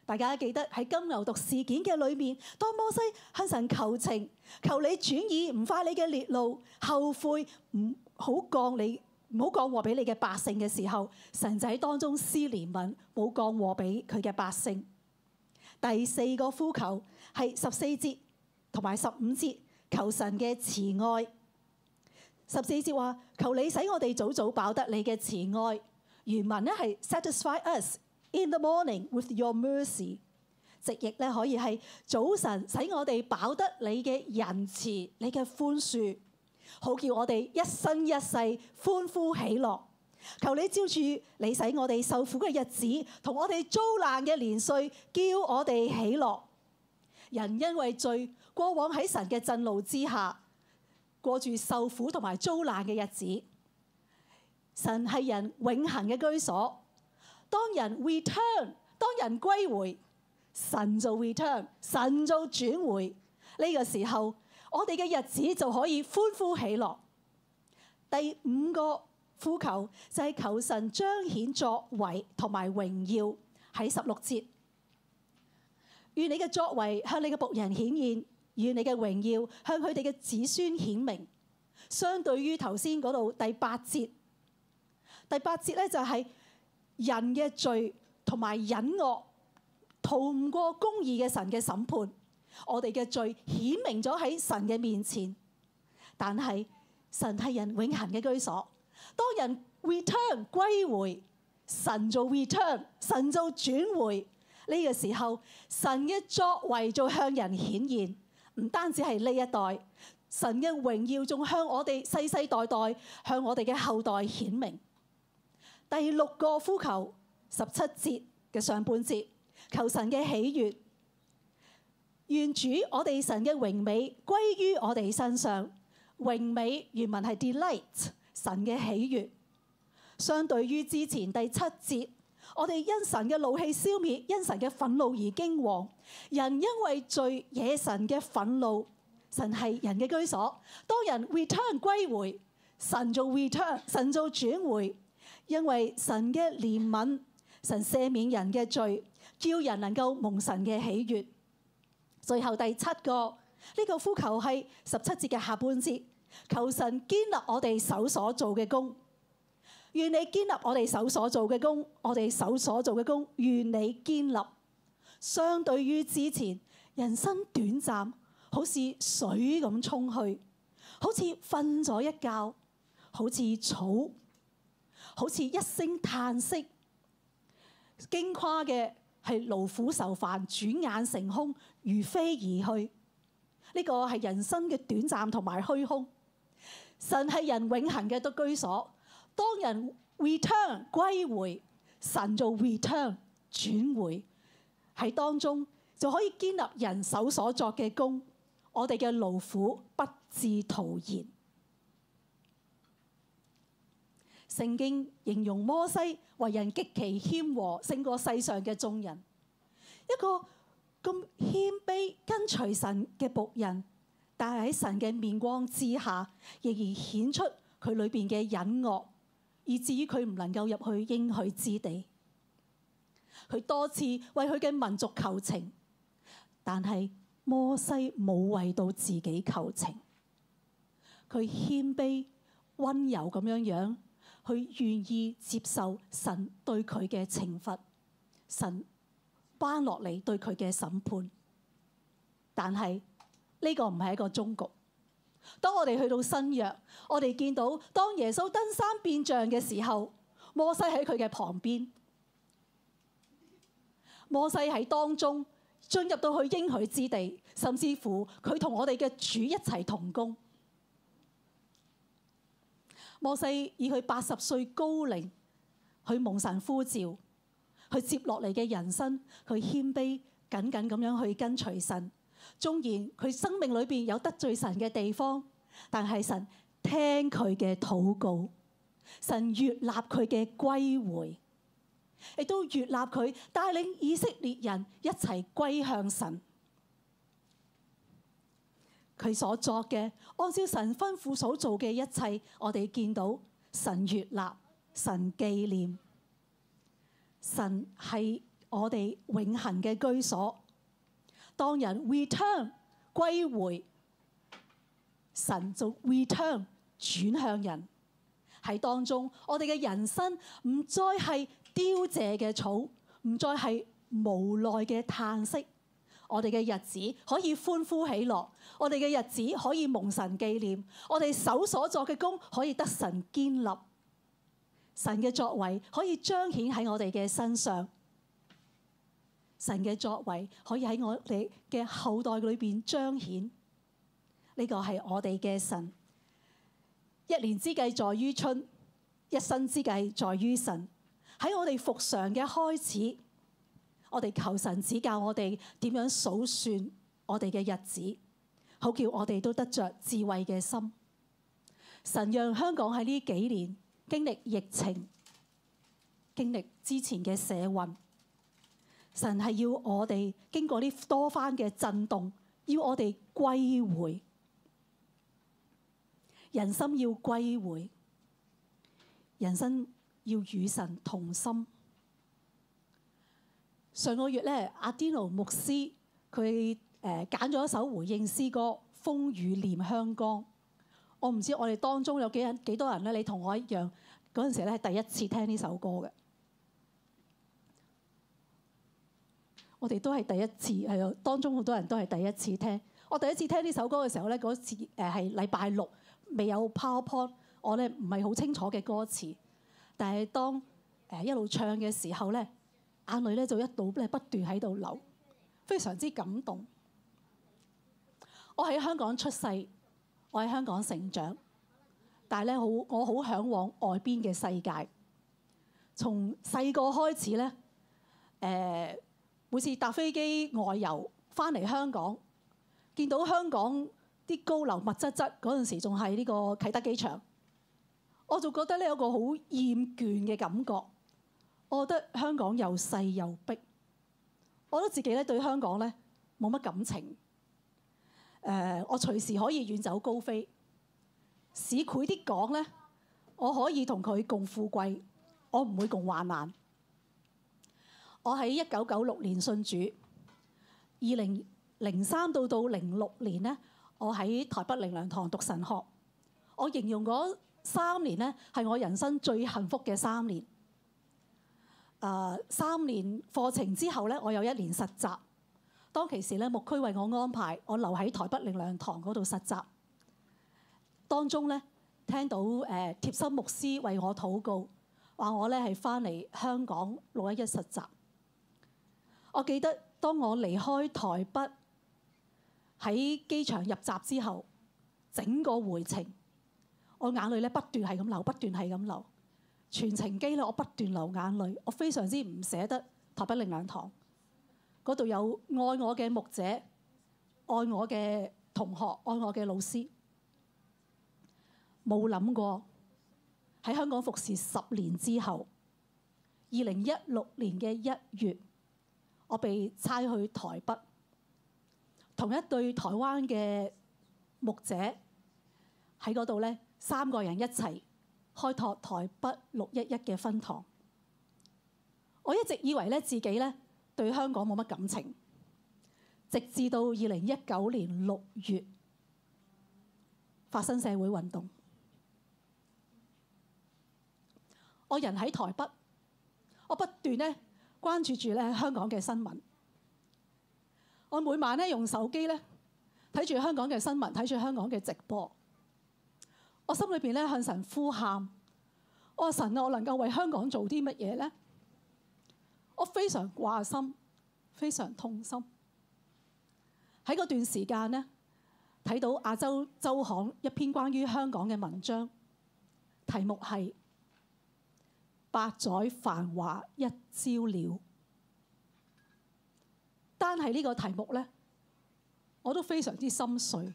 大家記得喺金牛犢事件嘅裏面，當摩西向神求情，求你轉意唔發你嘅烈怒，後悔唔好降你唔好降禍俾你嘅百姓嘅時候，神就喺當中施憐憫，冇降禍俾佢嘅百姓。第四個呼求係十四節同埋十五節，求神嘅慈愛。十四節話：求你使我哋早早飽得你嘅慈愛。原文呢係 satisfy us。In the morning, with your mercy，直譯咧可以係早晨，使我哋飽得你嘅仁慈，你嘅寬恕，好叫我哋一生一世歡呼喜樂。求你照住你使我哋受苦嘅日子，同我哋遭難嘅年歲，叫我哋喜樂。人因為罪，過往喺神嘅震怒之下，過住受苦同埋遭難嘅日子。神係人永恆嘅居所。當人 return，當人歸回，神就 return，神就轉回。呢個時候，我哋嘅日子就可以歡呼喜樂。第五個呼求就係求神彰顯作為同埋榮耀，喺十六節，願你嘅作為向你嘅僕人顯現，願你嘅榮耀向佢哋嘅子孫顯明。相對於頭先嗰度第八節，第八節咧就係。人嘅罪同埋隱惡逃唔過公義嘅神嘅審判，我哋嘅罪顯明咗喺神嘅面前。但係神係人永恆嘅居所，當人 return 歸回，神就 return 神就轉回呢個時候，神嘅作為就向人顯現，唔單止係呢一代，神嘅榮耀仲向我哋世世代代向我哋嘅後代顯明。第六個呼求十七節嘅上半節，求神嘅喜悅，願主我哋神嘅榮美歸於我哋身上。榮美原文係 delight，神嘅喜悅。相對於之前第七節，我哋因神嘅怒氣消滅，因神嘅憤怒而驚惶。人因為罪惹神嘅憤怒，神係人嘅居所。當人 return 歸回，神做 return 神做轉回。因為神嘅憐憫，神赦免人嘅罪，叫人能夠蒙神嘅喜悅。最後第七個呢、呢個呼求係十七節嘅下半節，求神堅立我哋手所做嘅工。願你堅立我哋手所做嘅工，我哋手所做嘅工。願你堅立。相對於之前，人生短暫，好似水咁沖去，好似瞓咗一覺，好似草。好似一聲嘆息，矜誇嘅係勞苦愁煩，轉眼成空，如飛而去。呢、這個係人生嘅短暫同埋虛空。神係人永恆嘅居所，當人 return 歸回神做 return 轉回喺當中，就可以堅立人手所作嘅工。我哋嘅勞苦不至徒然。聖經形容摩西為人極其謙和，勝過世上嘅眾人。一個咁謙卑跟隨神嘅僕人，但係喺神嘅面光之下，仍然顯出佢裏邊嘅隱惡，以至於佢唔能夠入去應許之地。佢多次為佢嘅民族求情，但係摩西冇為到自己求情。佢謙卑溫柔咁樣樣。佢願意接受神對佢嘅懲罰，神頒落嚟對佢嘅審判。但係呢、這個唔係一個終局。當我哋去到新約，我哋見到當耶穌登山變像嘅時候，摩西喺佢嘅旁邊，摩西喺當中進入到佢應許之地，甚至乎佢同我哋嘅主一齊同工。摩西以佢八十歲高齡去蒙神呼召，去接落嚟嘅人生，佢謙卑緊緊咁樣去跟隨神。縱然佢生命裏邊有得罪神嘅地方，但係神聽佢嘅禱告，神悅納佢嘅歸回，亦都悅納佢帶領以色列人一齊歸向神。佢所作嘅，按照神吩咐所做嘅一切，我哋見到神悅納，神紀念，神係我哋永恒嘅居所。當人 return 歸回，神就 return 轉向人。喺當中，我哋嘅人生唔再係凋謝嘅草，唔再係無奈嘅嘆息。我哋嘅日子可以歡呼喜樂，我哋嘅日子可以蒙神紀念，我哋手所作嘅工可以得神堅立，神嘅作為可以彰顯喺我哋嘅身上，神嘅作為可以喺我哋嘅後代裏邊彰顯。呢個係我哋嘅神。一年之計在於春，一生之計在於神。喺我哋復常嘅開始。我哋求神指教我哋點樣數算我哋嘅日子，好叫我哋都得着智慧嘅心。神讓香港喺呢幾年經歷疫情，經歷之前嘅社運，神係要我哋經過呢多番嘅震動，要我哋歸回，人心要歸回，人生要與神同心。上個月咧，阿 Dino 牧師佢誒揀咗一首回應詩歌《風雨念香江》。我唔知我哋當中有幾人幾多人咧？你同我一樣嗰陣時咧，係第一次聽呢首歌嘅。我哋都係第一次，係啊，當中好多人都係第一次聽。我第一次聽呢首歌嘅時候咧，嗰次誒係禮拜六，未有 PowerPoint，我咧唔係好清楚嘅歌詞。但係當誒一路唱嘅時候咧，眼淚咧就一度咧不斷喺度流，非常之感動。我喺香港出世，我喺香港成長，但係咧好我好向往外邊嘅世界。從細個開始咧，誒每次搭飛機外遊返嚟香港，見到香港啲高樓密質質嗰陣時，仲係呢個啟德機場，我就覺得咧有一個好厭倦嘅感覺。我覺得香港又細又逼，我覺得自己咧對香港咧冇乜感情。誒、呃，我隨時可以遠走高飛。市儈啲講咧，我可以同佢共富貴，我唔會共患難。我喺一九九六年信主，二零零三到到零六年咧，我喺台北靈糧堂讀神學。我形容嗰三年咧係我人生最幸福嘅三年。誒三年課程之後咧，我有一年實習。當其時咧，牧區為我安排，我留喺台北靈糧堂嗰度實習。當中咧聽到誒貼心牧師為我禱告，話我咧係翻嚟香港六一一實習。我記得當我離開台北喺機場入閘之後，整個回程我眼淚咧不斷係咁流，不斷係咁流。全程機咧，我不斷流眼淚，我非常之唔捨得台北靈糧堂嗰度有愛我嘅牧者、愛我嘅同學、愛我嘅老師。冇諗過喺香港服侍十年之後，二零一六年嘅一月，我被差去台北，同一對台灣嘅牧者喺嗰度呢，三個人一齊。開拓台北六一一嘅分堂，我一直以為咧自己咧對香港冇乜感情，直至到二零一九年六月發生社會運動，我人喺台北，我不斷咧關注住咧香港嘅新，新聞，我每晚咧用手機咧睇住香港嘅新聞，睇住香港嘅直播。我心裏邊咧向神呼喊，我話神啊，我能夠為香港做啲乜嘢咧？我非常掛心，非常痛心。喺嗰段時間咧，睇到亞洲週刊一篇關於香港嘅文章，題目係《百載繁華一朝了》，單係呢個題目咧，我都非常之心碎。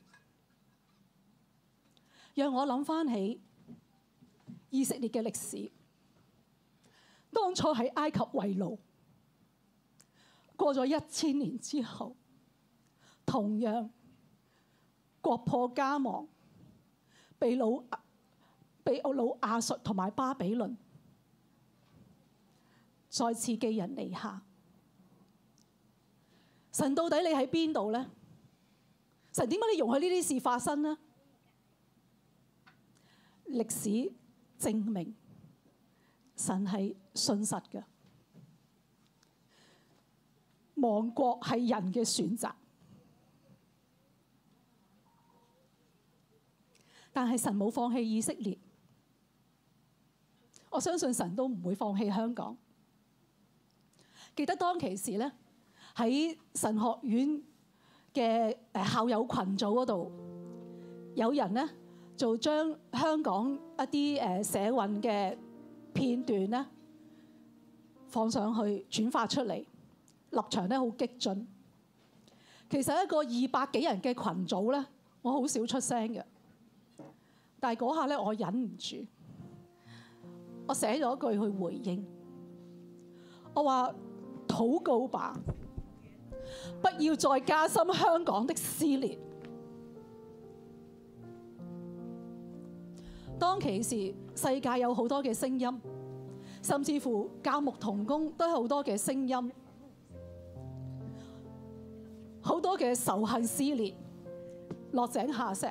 讓我諗翻起以色列嘅歷史，當初喺埃及為奴，過咗一千年之後，同樣國破家亡，被擄被擄亞述同埋巴比倫再次寄人籬下。神到底你喺邊度咧？神點解你容許呢啲事發生呢？歷史證明，神係信實嘅。亡國係人嘅選擇，但係神冇放棄以色列。我相信神都唔會放棄香港。記得當其時咧，喺神學院嘅誒校友群組嗰度，有人咧。就將香港一啲誒社運嘅片段咧放上去轉發出嚟，立場咧好激進。其實一個二百幾人嘅群組咧，我好少出聲嘅，但係嗰下咧我忍唔住，我寫咗一句去回應，我話，禱告吧，不要再加深香港的撕裂。當其時，世界有好多嘅聲音，甚至乎教牧同工都有好多嘅聲音，好多嘅仇恨撕裂、落井下石。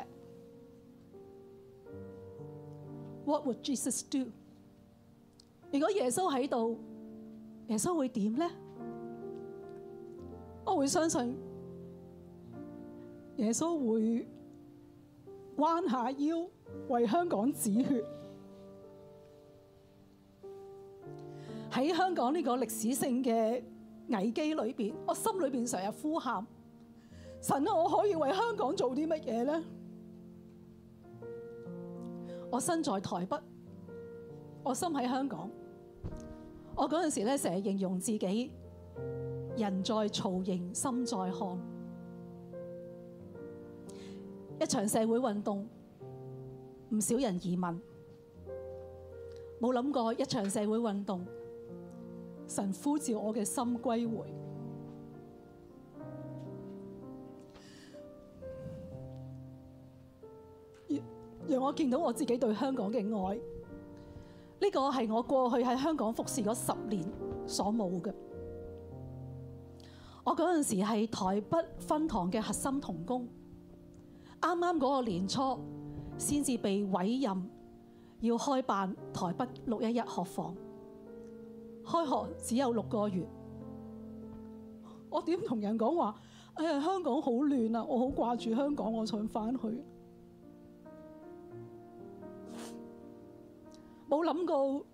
What would Jesus do？如果耶穌喺度，耶穌會點呢？我會相信耶穌會彎下腰。為香港止血，喺香港呢個歷史性嘅危機裏面，我心裏面成日呼喊：神，我可以為香港做啲乜嘢呢？我身在台北，我心喺香港。我嗰陣時咧成日形容自己人在曹營心在漢，一場社會運動。唔少人疑問，冇諗過一場社會運動，神呼召我嘅心歸回，讓我見到我自己對香港嘅愛。呢個係我過去喺香港服侍嗰十年所冇嘅。我嗰陣時係台北分堂嘅核心同工，啱啱嗰個年初。先至被委任要開辦台北六一一學房。開學只有六個月， [MUSIC] 我點同人講話？誒，香港好亂啊！我好掛住香港，我想翻去。冇諗 [MUSIC] 過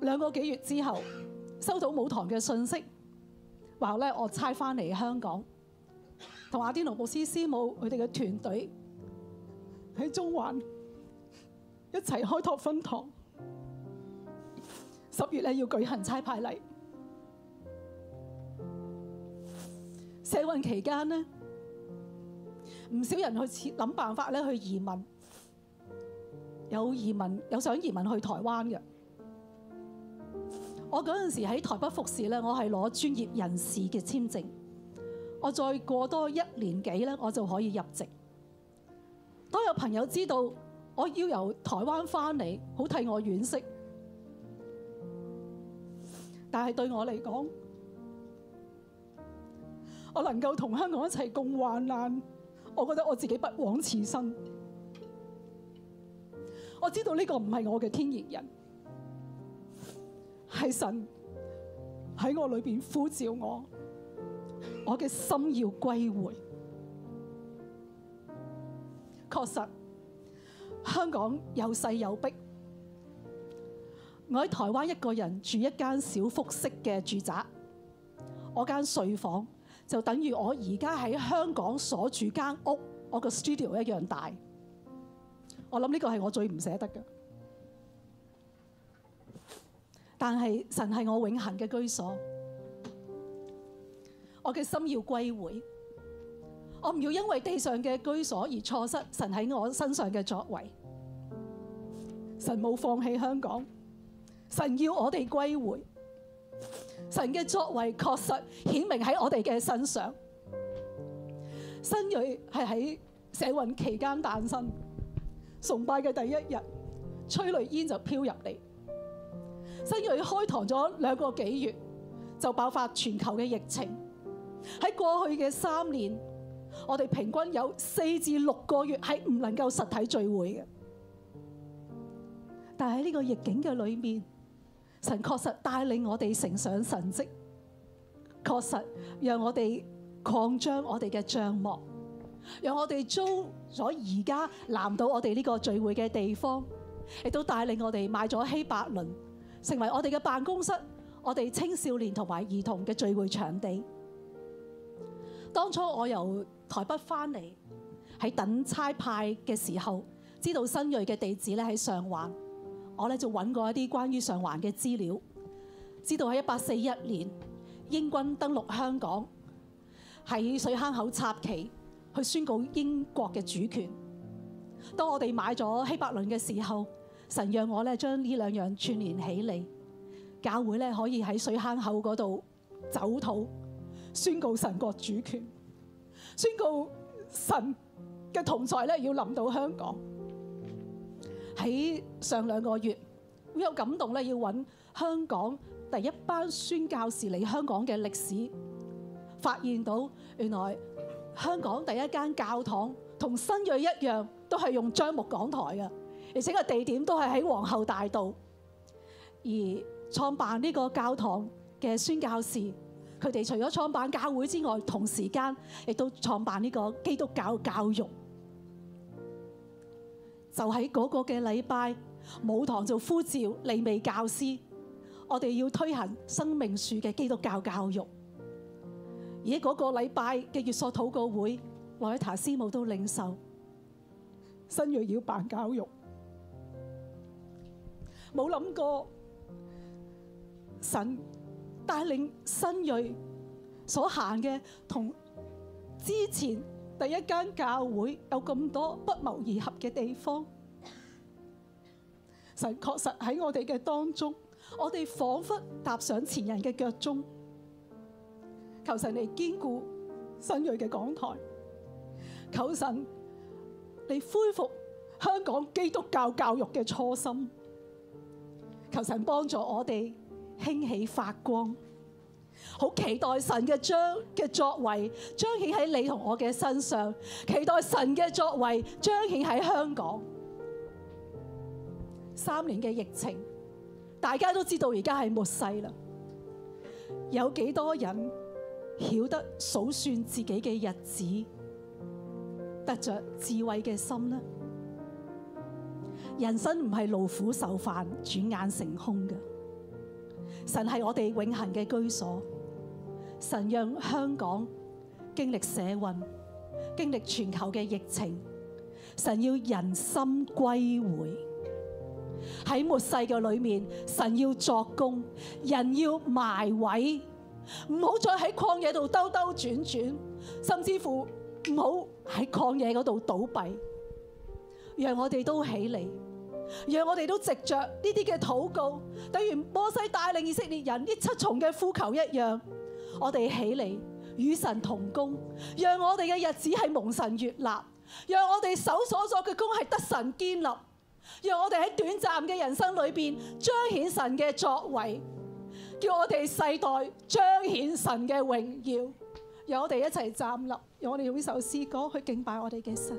兩個幾月之後收到舞堂嘅信息，然後咧我差翻嚟香港，同阿啲勞布斯師母佢哋嘅團隊喺中環一齊開拓分堂。十月咧要舉行差派禮。社運期間呢，唔少人去設諗辦法咧去移民，有移民有想移民去台灣嘅。我嗰陣時喺台北服侍咧，我係攞專業人士嘅簽證。我再過多一年幾咧，我就可以入籍。都有朋友知道我要由台灣返嚟，好替我惋惜。但係對我嚟講，我能夠同香港一齊共患難，我覺得我自己不枉此生。我知道呢個唔係我嘅天然人，係神喺我裏邊呼召我，我嘅心要歸回。確實，香港又細又迫。我喺台灣一個人住一間小複式嘅住宅，我間睡房就等於我而家喺香港所住間屋，我個 studio 一樣大。我諗呢個係我最唔捨得嘅。但係神係我永恆嘅居所，我嘅心要歸回。我唔要因為地上嘅居所而錯失神喺我身上嘅作為。神冇放棄香港，神要我哋歸回。神嘅作為確實顯明喺我哋嘅身上。新銳係喺社運期間誕生，崇拜嘅第一日催淚煙就飄入嚟。新銳開堂咗兩個幾月就爆發全球嘅疫情。喺過去嘅三年。我哋平均有四至六個月喺唔能夠實體聚會嘅，但係喺呢個逆境嘅裏面，神確實帶領我哋成上神跡，確實讓我哋擴張我哋嘅帳幕，讓我哋租咗而家南到我哋呢個聚會嘅地方，亦都帶領我哋買咗希伯倫，成為我哋嘅辦公室，我哋青少年同埋兒童嘅聚會場地。當初我由台北翻嚟喺等差派嘅時候，知道新銳嘅地址咧喺上環，我咧就揾過一啲關於上環嘅資料，知道喺一八四一年英軍登陸香港，喺水坑口插旗去宣告英國嘅主權。當我哋買咗希伯倫嘅時候，神讓我咧將呢兩樣串連起嚟，教會咧可以喺水坑口嗰度走禱，宣告神國主權。宣告神嘅同在咧，要臨到香港。喺上兩個月，好有感動咧，要揾香港第一班宣教士嚟香港嘅歷史，發現到原來香港第一間教堂同新銳一樣，都係用樟木講台嘅，而且個地點都係喺皇后大道。而創辦呢個教堂嘅宣教士。佢哋除咗創辦教會之外，同時間亦都創辦呢個基督教教育。 [NOISE] 就喺嗰個嘅禮拜，母堂就呼召利未教師，我哋要推行生命樹嘅基督教教育。而喺嗰個禮拜嘅月朔禱告會，內塔斯姆都領受新樣要辦教育，冇諗過神帶領新銳所行嘅，同之前第一間教會有咁多不謀而合嘅地方，神確實喺我哋嘅當中，我哋仿佛踏上前人嘅腳蹤。求神你堅固新銳嘅講臺，求神你恢復香港基督教教育嘅初心，求神幫助我哋。興起發光，好期待神嘅將嘅作為彰顯喺你同我嘅身上，期待神嘅作為彰顯喺香港。三年嘅疫情，大家都知道而家係末世啦。有幾多人曉得數算自己嘅日子，得着智慧嘅心呢？人生唔係勞苦受煩，轉眼成空嘅。神係我哋永恒嘅居所，神讓香港經歷社運，經歷全球嘅疫情，神要人心歸回。喺末世嘅裏面，神要作工，人要埋位，唔好再喺曠野度兜兜轉轉，甚至乎唔好喺曠野嗰度倒斃，讓我哋都起嚟。讓我哋都藉着呢啲嘅禱告，等於摩西帶領以色列人呢七重嘅呼求一樣，我哋起嚟與神同工，讓我哋嘅日子係蒙神悅納，讓我哋手所作嘅工係得神堅立，讓我哋喺短暫嘅人生裏邊彰顯神嘅作為，叫我哋世代彰顯神嘅榮耀，讓我哋一齊站立，讓我哋用呢首詩歌去敬拜我哋嘅神。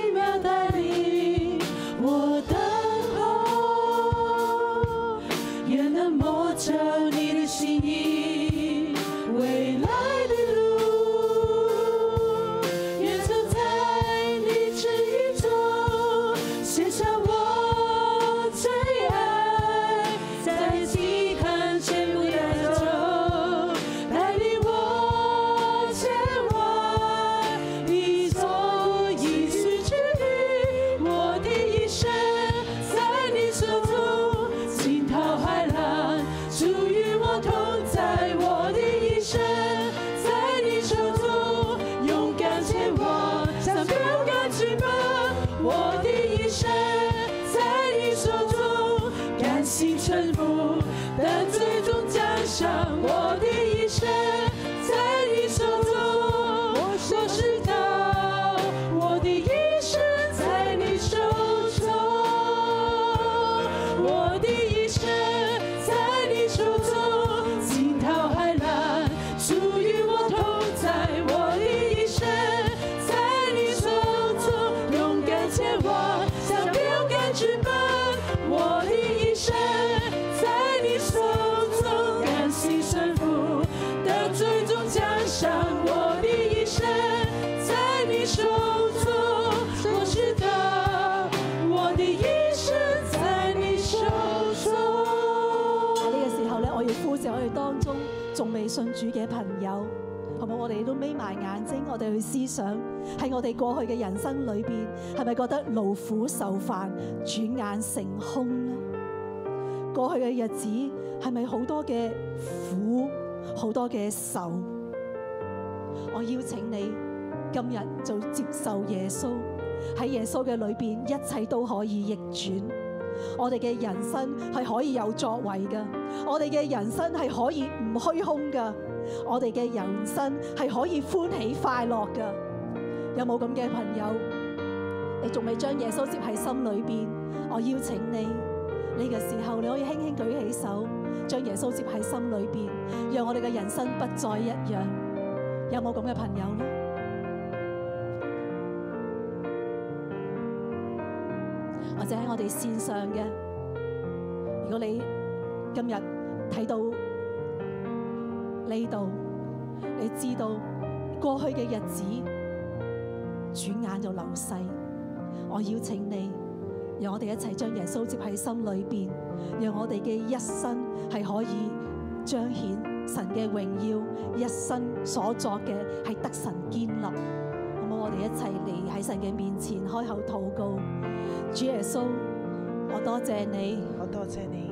信主嘅朋友，好冇？我哋都眯埋眼睛，我哋去思想，喺我哋過去嘅人生裏邊，係咪覺得勞苦受煩，轉眼成空呢？過去嘅日子係咪好多嘅苦，好多嘅愁？我邀請你今日就接受耶穌，喺耶穌嘅裏邊，一切都可以逆轉。我哋嘅人生係可以有作為噶，我哋嘅人生係可以唔虛空噶，我哋嘅人生係可以歡喜快樂噶。有冇咁嘅朋友？你仲未將耶穌接喺心裏邊？我邀請你，呢個時候你可以輕輕舉起手，將耶穌接喺心裏邊，讓我哋嘅人生不再一樣。有冇咁嘅朋友呢？或者喺我哋線上嘅，如果你今日睇到呢度，你知道過去嘅日子轉眼就流逝。我邀請你，由我哋一齊將耶穌接喺心裏邊，讓我哋嘅一生係可以彰顯神嘅榮耀，一生所作嘅係得神建立。我哋一齊嚟喺神嘅面前開口禱告，主耶穌，我多謝你，我多謝你，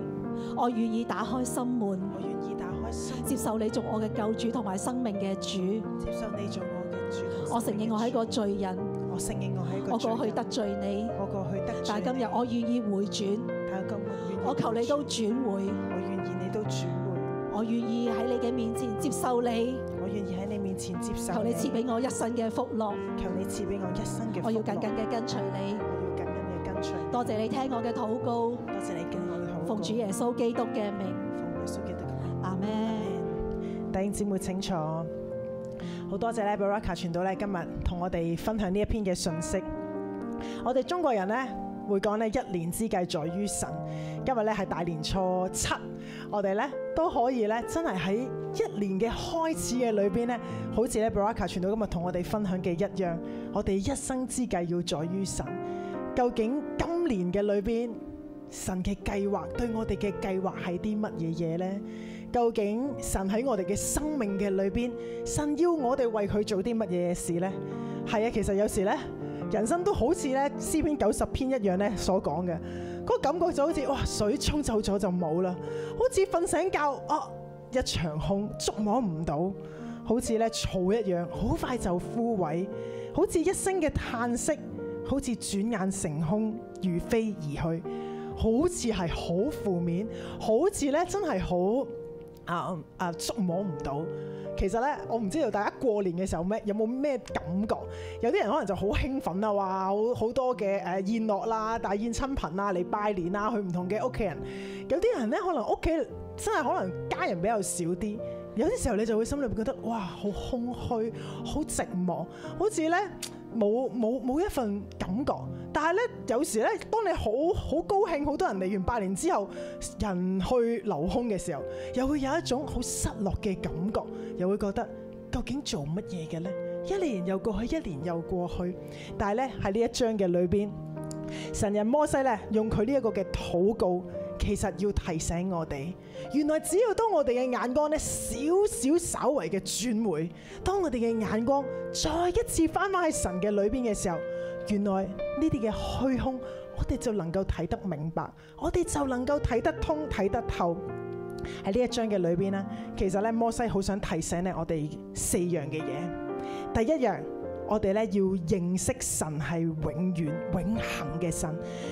我願意打開心門，我願意打開心，接受你做我嘅救主同埋生命嘅主，接受你做我嘅主，主，我承認我係一個罪人，我承認我係一個罪人，我過去得罪你，我過去得罪，但係今日我願意回轉，但係今我，我求你都轉回，我願意你都轉回，我願意喺你嘅面，面前接受你。我願意喺你面前接受。求你賜俾我一生嘅福樂。求你賜俾我一生嘅福樂。我要緊緊嘅跟隨你。我要緊緊嘅跟隨。多謝你聽我嘅禱告。多謝你聽我嘅禱告。奉主耶穌基督嘅名。耶穌基督嘅名。阿門們。阿們弟兄姊妹請坐。好多謝咧，Beracah 傳道咧，今日同我哋分享呢一篇嘅信息。我哋中國人咧會講呢，一年之計在於神。今日咧係大年初七，我哋咧都可以咧真係喺。一年嘅開始嘅裏邊咧，好似咧 Beracah 傳道今日同我哋分享嘅一樣，我哋一生之計要在於神。究竟今年嘅裏邊，神嘅計劃對我哋嘅計劃係啲乜嘢嘢咧？究竟神喺我哋嘅生命嘅裏邊，神要我哋為佢做啲乜嘢嘅事咧？係啊，其實有時咧，人生都好似咧詩篇九十篇一樣咧，所講嘅，嗰、那個、感覺就好似哇水沖走咗就冇啦，好似瞓醒覺哦。啊一場空，捉摸唔到，好似咧草一樣，好快就枯萎，好似一聲嘅嘆息，好似轉眼成空，如飛而去，好似係好負面，好似咧真係好啊啊觸摸唔到。其實咧，我唔知道大家過年嘅時候咩，有冇咩感覺？有啲人可能就好興奮啊，話好好多嘅誒宴樂啦，大宴親朋啊，嚟拜年啊，去唔同嘅屋企人。有啲人咧，可能屋企。真係可能家人比較少啲，有啲時候你就會心裏面覺得哇，好空虛，好寂寞，好似咧冇冇冇一份感覺。但係咧，有時咧，當你好好高興，好多人嚟完八年之後人去樓空嘅時候，又會有一種好失落嘅感覺，又會覺得究竟做乜嘢嘅咧？一年又過去，一年又過去，但係咧喺呢一章嘅裏邊，神人摩西咧用佢呢一個嘅禱告，其實要提醒我哋。原來只要當我哋嘅眼光咧少少稍微嘅轉回，當我哋嘅眼光再一次翻翻喺神嘅裏邊嘅時候，原來呢啲嘅虛空，我哋就能夠睇得明白，我哋就能夠睇得通、睇得透。喺呢一章嘅裏邊呢，其實咧摩西好想提醒咧我哋四樣嘅嘢。第一樣。我哋咧要認識神係永遠永恆嘅神。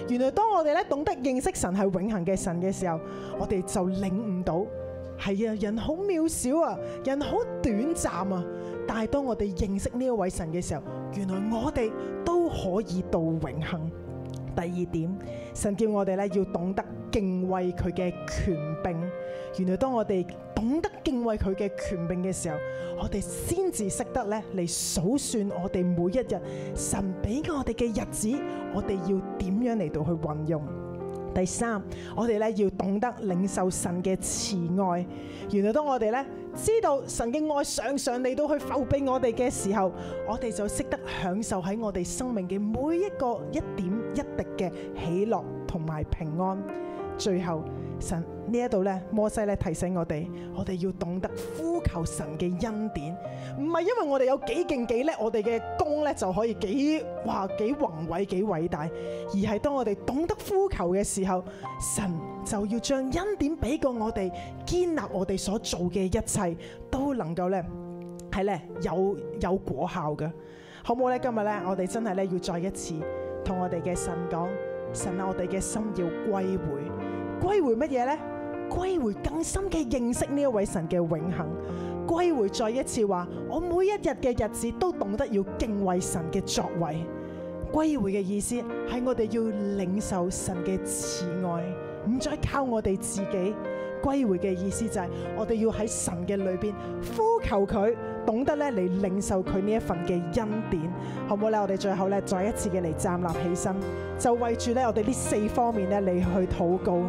原來當我哋咧懂得認識神係永恆嘅神嘅時候，我哋就領悟到，係啊，人好渺小啊，人好短暫啊。但係當我哋認識呢一位神嘅時候，原來我哋都可以到永恆。第二點，神叫我哋咧要懂得敬畏佢嘅權柄。原來當我哋懂得敬畏佢嘅權柄嘅時候，我哋先至識得咧嚟數算我哋每一日神俾我哋嘅日子，我哋要點樣嚟到去運用？第三，我哋咧要懂得領受神嘅慈愛。原來當我哋咧知道神嘅愛常常嚟到去覆庇我哋嘅時候，我哋就識得享受喺我哋生命嘅每一個一點一滴嘅喜樂同埋平安。最後。神呢一度咧，摩西咧提醒我哋，我哋要懂得呼求神嘅恩典，唔係因為我哋有幾勁幾叻，我哋嘅功咧就可以幾哇幾宏偉幾偉大，而係當我哋懂得呼求嘅時候，神就要將恩典俾過我哋，建立我哋所做嘅一切都能夠咧係咧有有果效嘅，好唔好咧？今日咧我哋真係咧要再一次同我哋嘅神講，神啊，我哋嘅心要歸回。歸回乜嘢呢？歸回更深嘅認識呢一位神嘅永恆。歸回再一次話，我每一日嘅日子都懂得要敬畏神嘅作為。歸回嘅意思係我哋要領受神嘅慈愛，唔再靠我哋自己。歸回嘅意思就係我哋要喺神嘅裏邊呼求佢，懂得咧嚟領受佢呢一份嘅恩典，好唔好咧？我哋最後咧再一次嘅嚟站立起身，就為住咧我哋呢四方面咧嚟去禱告。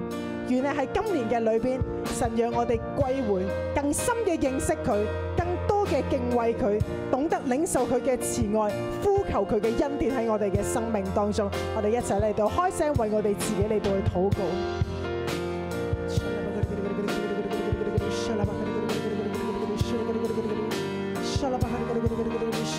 原來喺今年嘅裏邊，神讓我哋歸回，更深嘅認識佢，更多嘅敬畏佢，懂得領受佢嘅慈愛，呼求佢嘅恩典喺我哋嘅生命當中。我哋一齊嚟到開聲為我哋自己嚟到去禱告。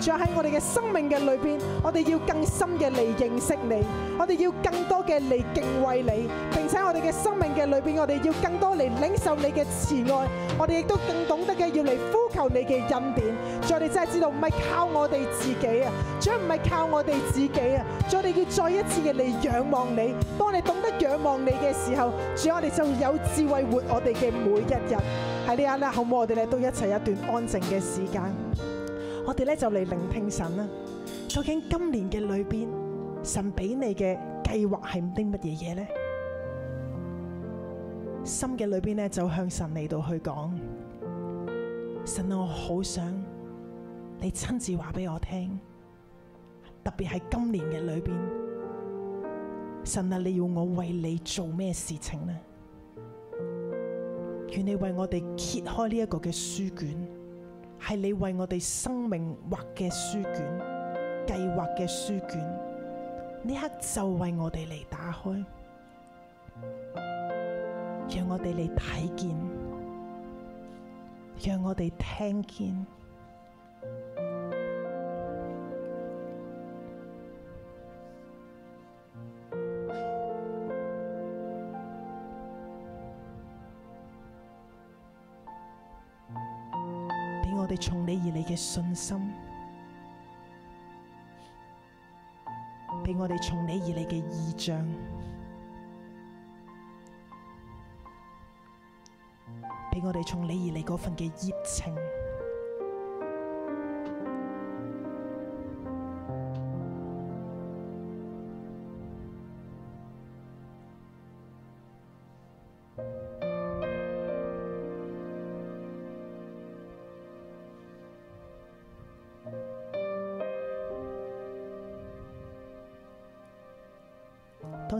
仲有喺我哋嘅生命嘅裏邊，我哋要更深嘅嚟認識你，我哋要更多嘅嚟敬畏你，並且我哋嘅生命嘅裏邊，我哋要更多嚟領受你嘅慈愛，我哋亦都更懂得嘅要嚟呼求你嘅恩典。再你真係知道唔係靠我哋自己啊！將唔係靠我哋自己啊！再你要再一次嘅嚟仰望你，當我哋懂得仰望你嘅時候，主啊，我哋就有智慧活我哋嘅每一日。喺呢一刻啦。好唔好？我哋咧都一齊一段安靜嘅時間。我哋咧就嚟聆聽神啦，究竟今年嘅裏邊，神俾你嘅計劃係啲乜嘢嘢咧？心嘅裏邊咧就向神嚟到去講，神啊，我好想你親自話俾我聽，特別係今年嘅裏邊，神啊，你要我為你做咩事情呢？願你為我哋揭開呢一個嘅書卷。係你為我哋生命畫嘅書卷，計劃嘅書卷，呢刻就為我哋嚟打開，讓我哋嚟睇見，讓我哋聽見。從你而嚟嘅信心，俾我哋從你而嚟嘅異象，俾我哋從你而嚟嗰份嘅熱情。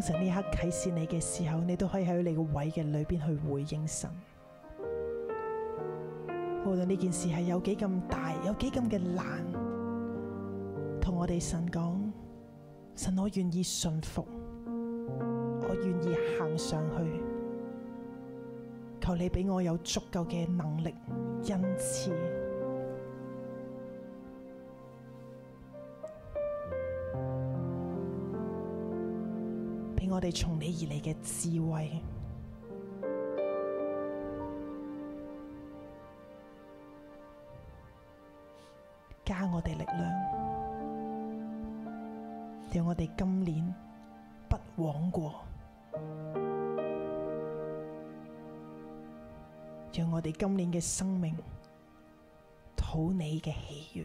神呢刻啟示你嘅時候，你都可以喺你個位嘅裏邊去回應神。無論呢件事係有幾咁大，有幾咁嘅難，同我哋神講，神我願意信服，我願意行上去，求你俾我有足夠嘅能力，恩賜。係從你而嚟嘅智慧，加我哋力量，讓我哋今年不枉過，讓我哋今年嘅生命討你嘅喜悦。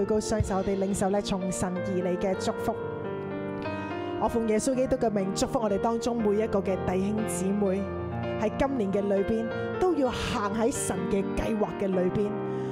最高雙手我哋領受從神而嚟嘅祝福，我奉耶穌基督嘅命祝福我哋當中每一個嘅弟兄姊妹，喺今年嘅裏邊都要行喺神嘅計劃嘅裏邊。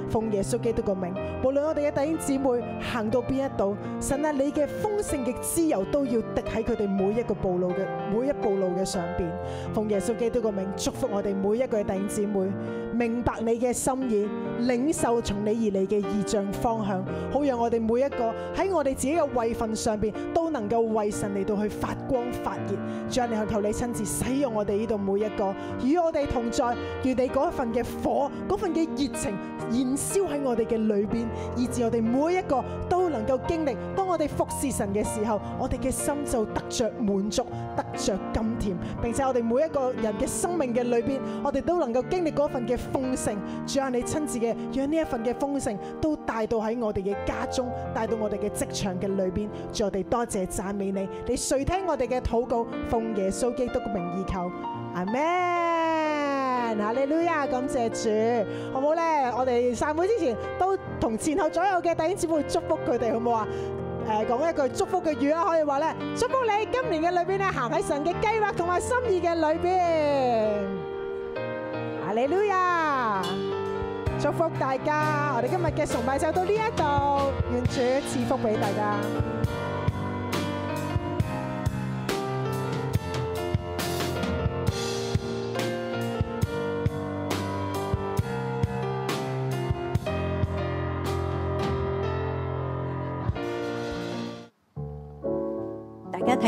奉耶穌基督個名，無論我哋嘅弟兄姊妹行到邊一度，神啊，你嘅豐盛嘅滋潤，都要滴喺佢哋每一個步路嘅每一步路嘅上邊。奉耶穌基督個名，祝福我哋每一個弟兄姊妹，明白你嘅心意，領受從你而嚟嘅異象、方向，好讓我哋每一個喺我哋自己嘅位份上邊都能夠為神嚟到去發光發熱。主你去求你親自使用我哋呢度每一個，與我哋同在，與你嗰一份嘅火、嗰份嘅熱情現。燒喺我哋嘅裏邊，以至我哋每一個都能夠經歷。當我哋服侍神嘅時候，我哋嘅心就得着滿足，得着甘甜，並且我哋每一個人嘅生命嘅裏邊，我哋都能夠經歷嗰份嘅豐盛。主啊，你親自嘅，讓呢一份嘅豐盛都帶到喺我哋嘅家中，帶到我哋嘅職場嘅裏邊。我哋多謝讚美你，你垂聽我哋嘅禱告。奉耶穌基督名而求，阿門。嗱，哈利路亞，感謝主，好唔好咧？我哋散會之前都同前後左右嘅弟兄姊妹祝福佢哋，好唔好啊？誒，講一句祝福嘅語啦，可以話咧，祝福你今年嘅裏邊咧，行喺神嘅計劃同埋心意嘅裏邊。啊，哈利路亞，祝福大家！我哋今日嘅崇拜就到呢一度，願主賜福俾大家。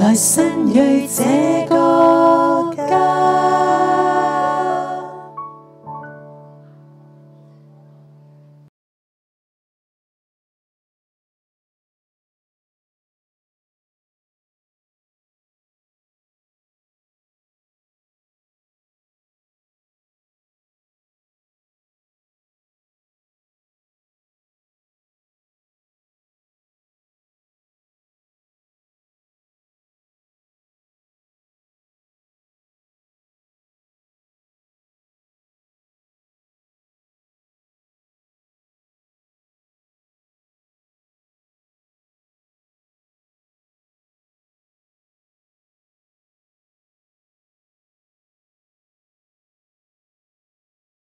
來新銳這個家。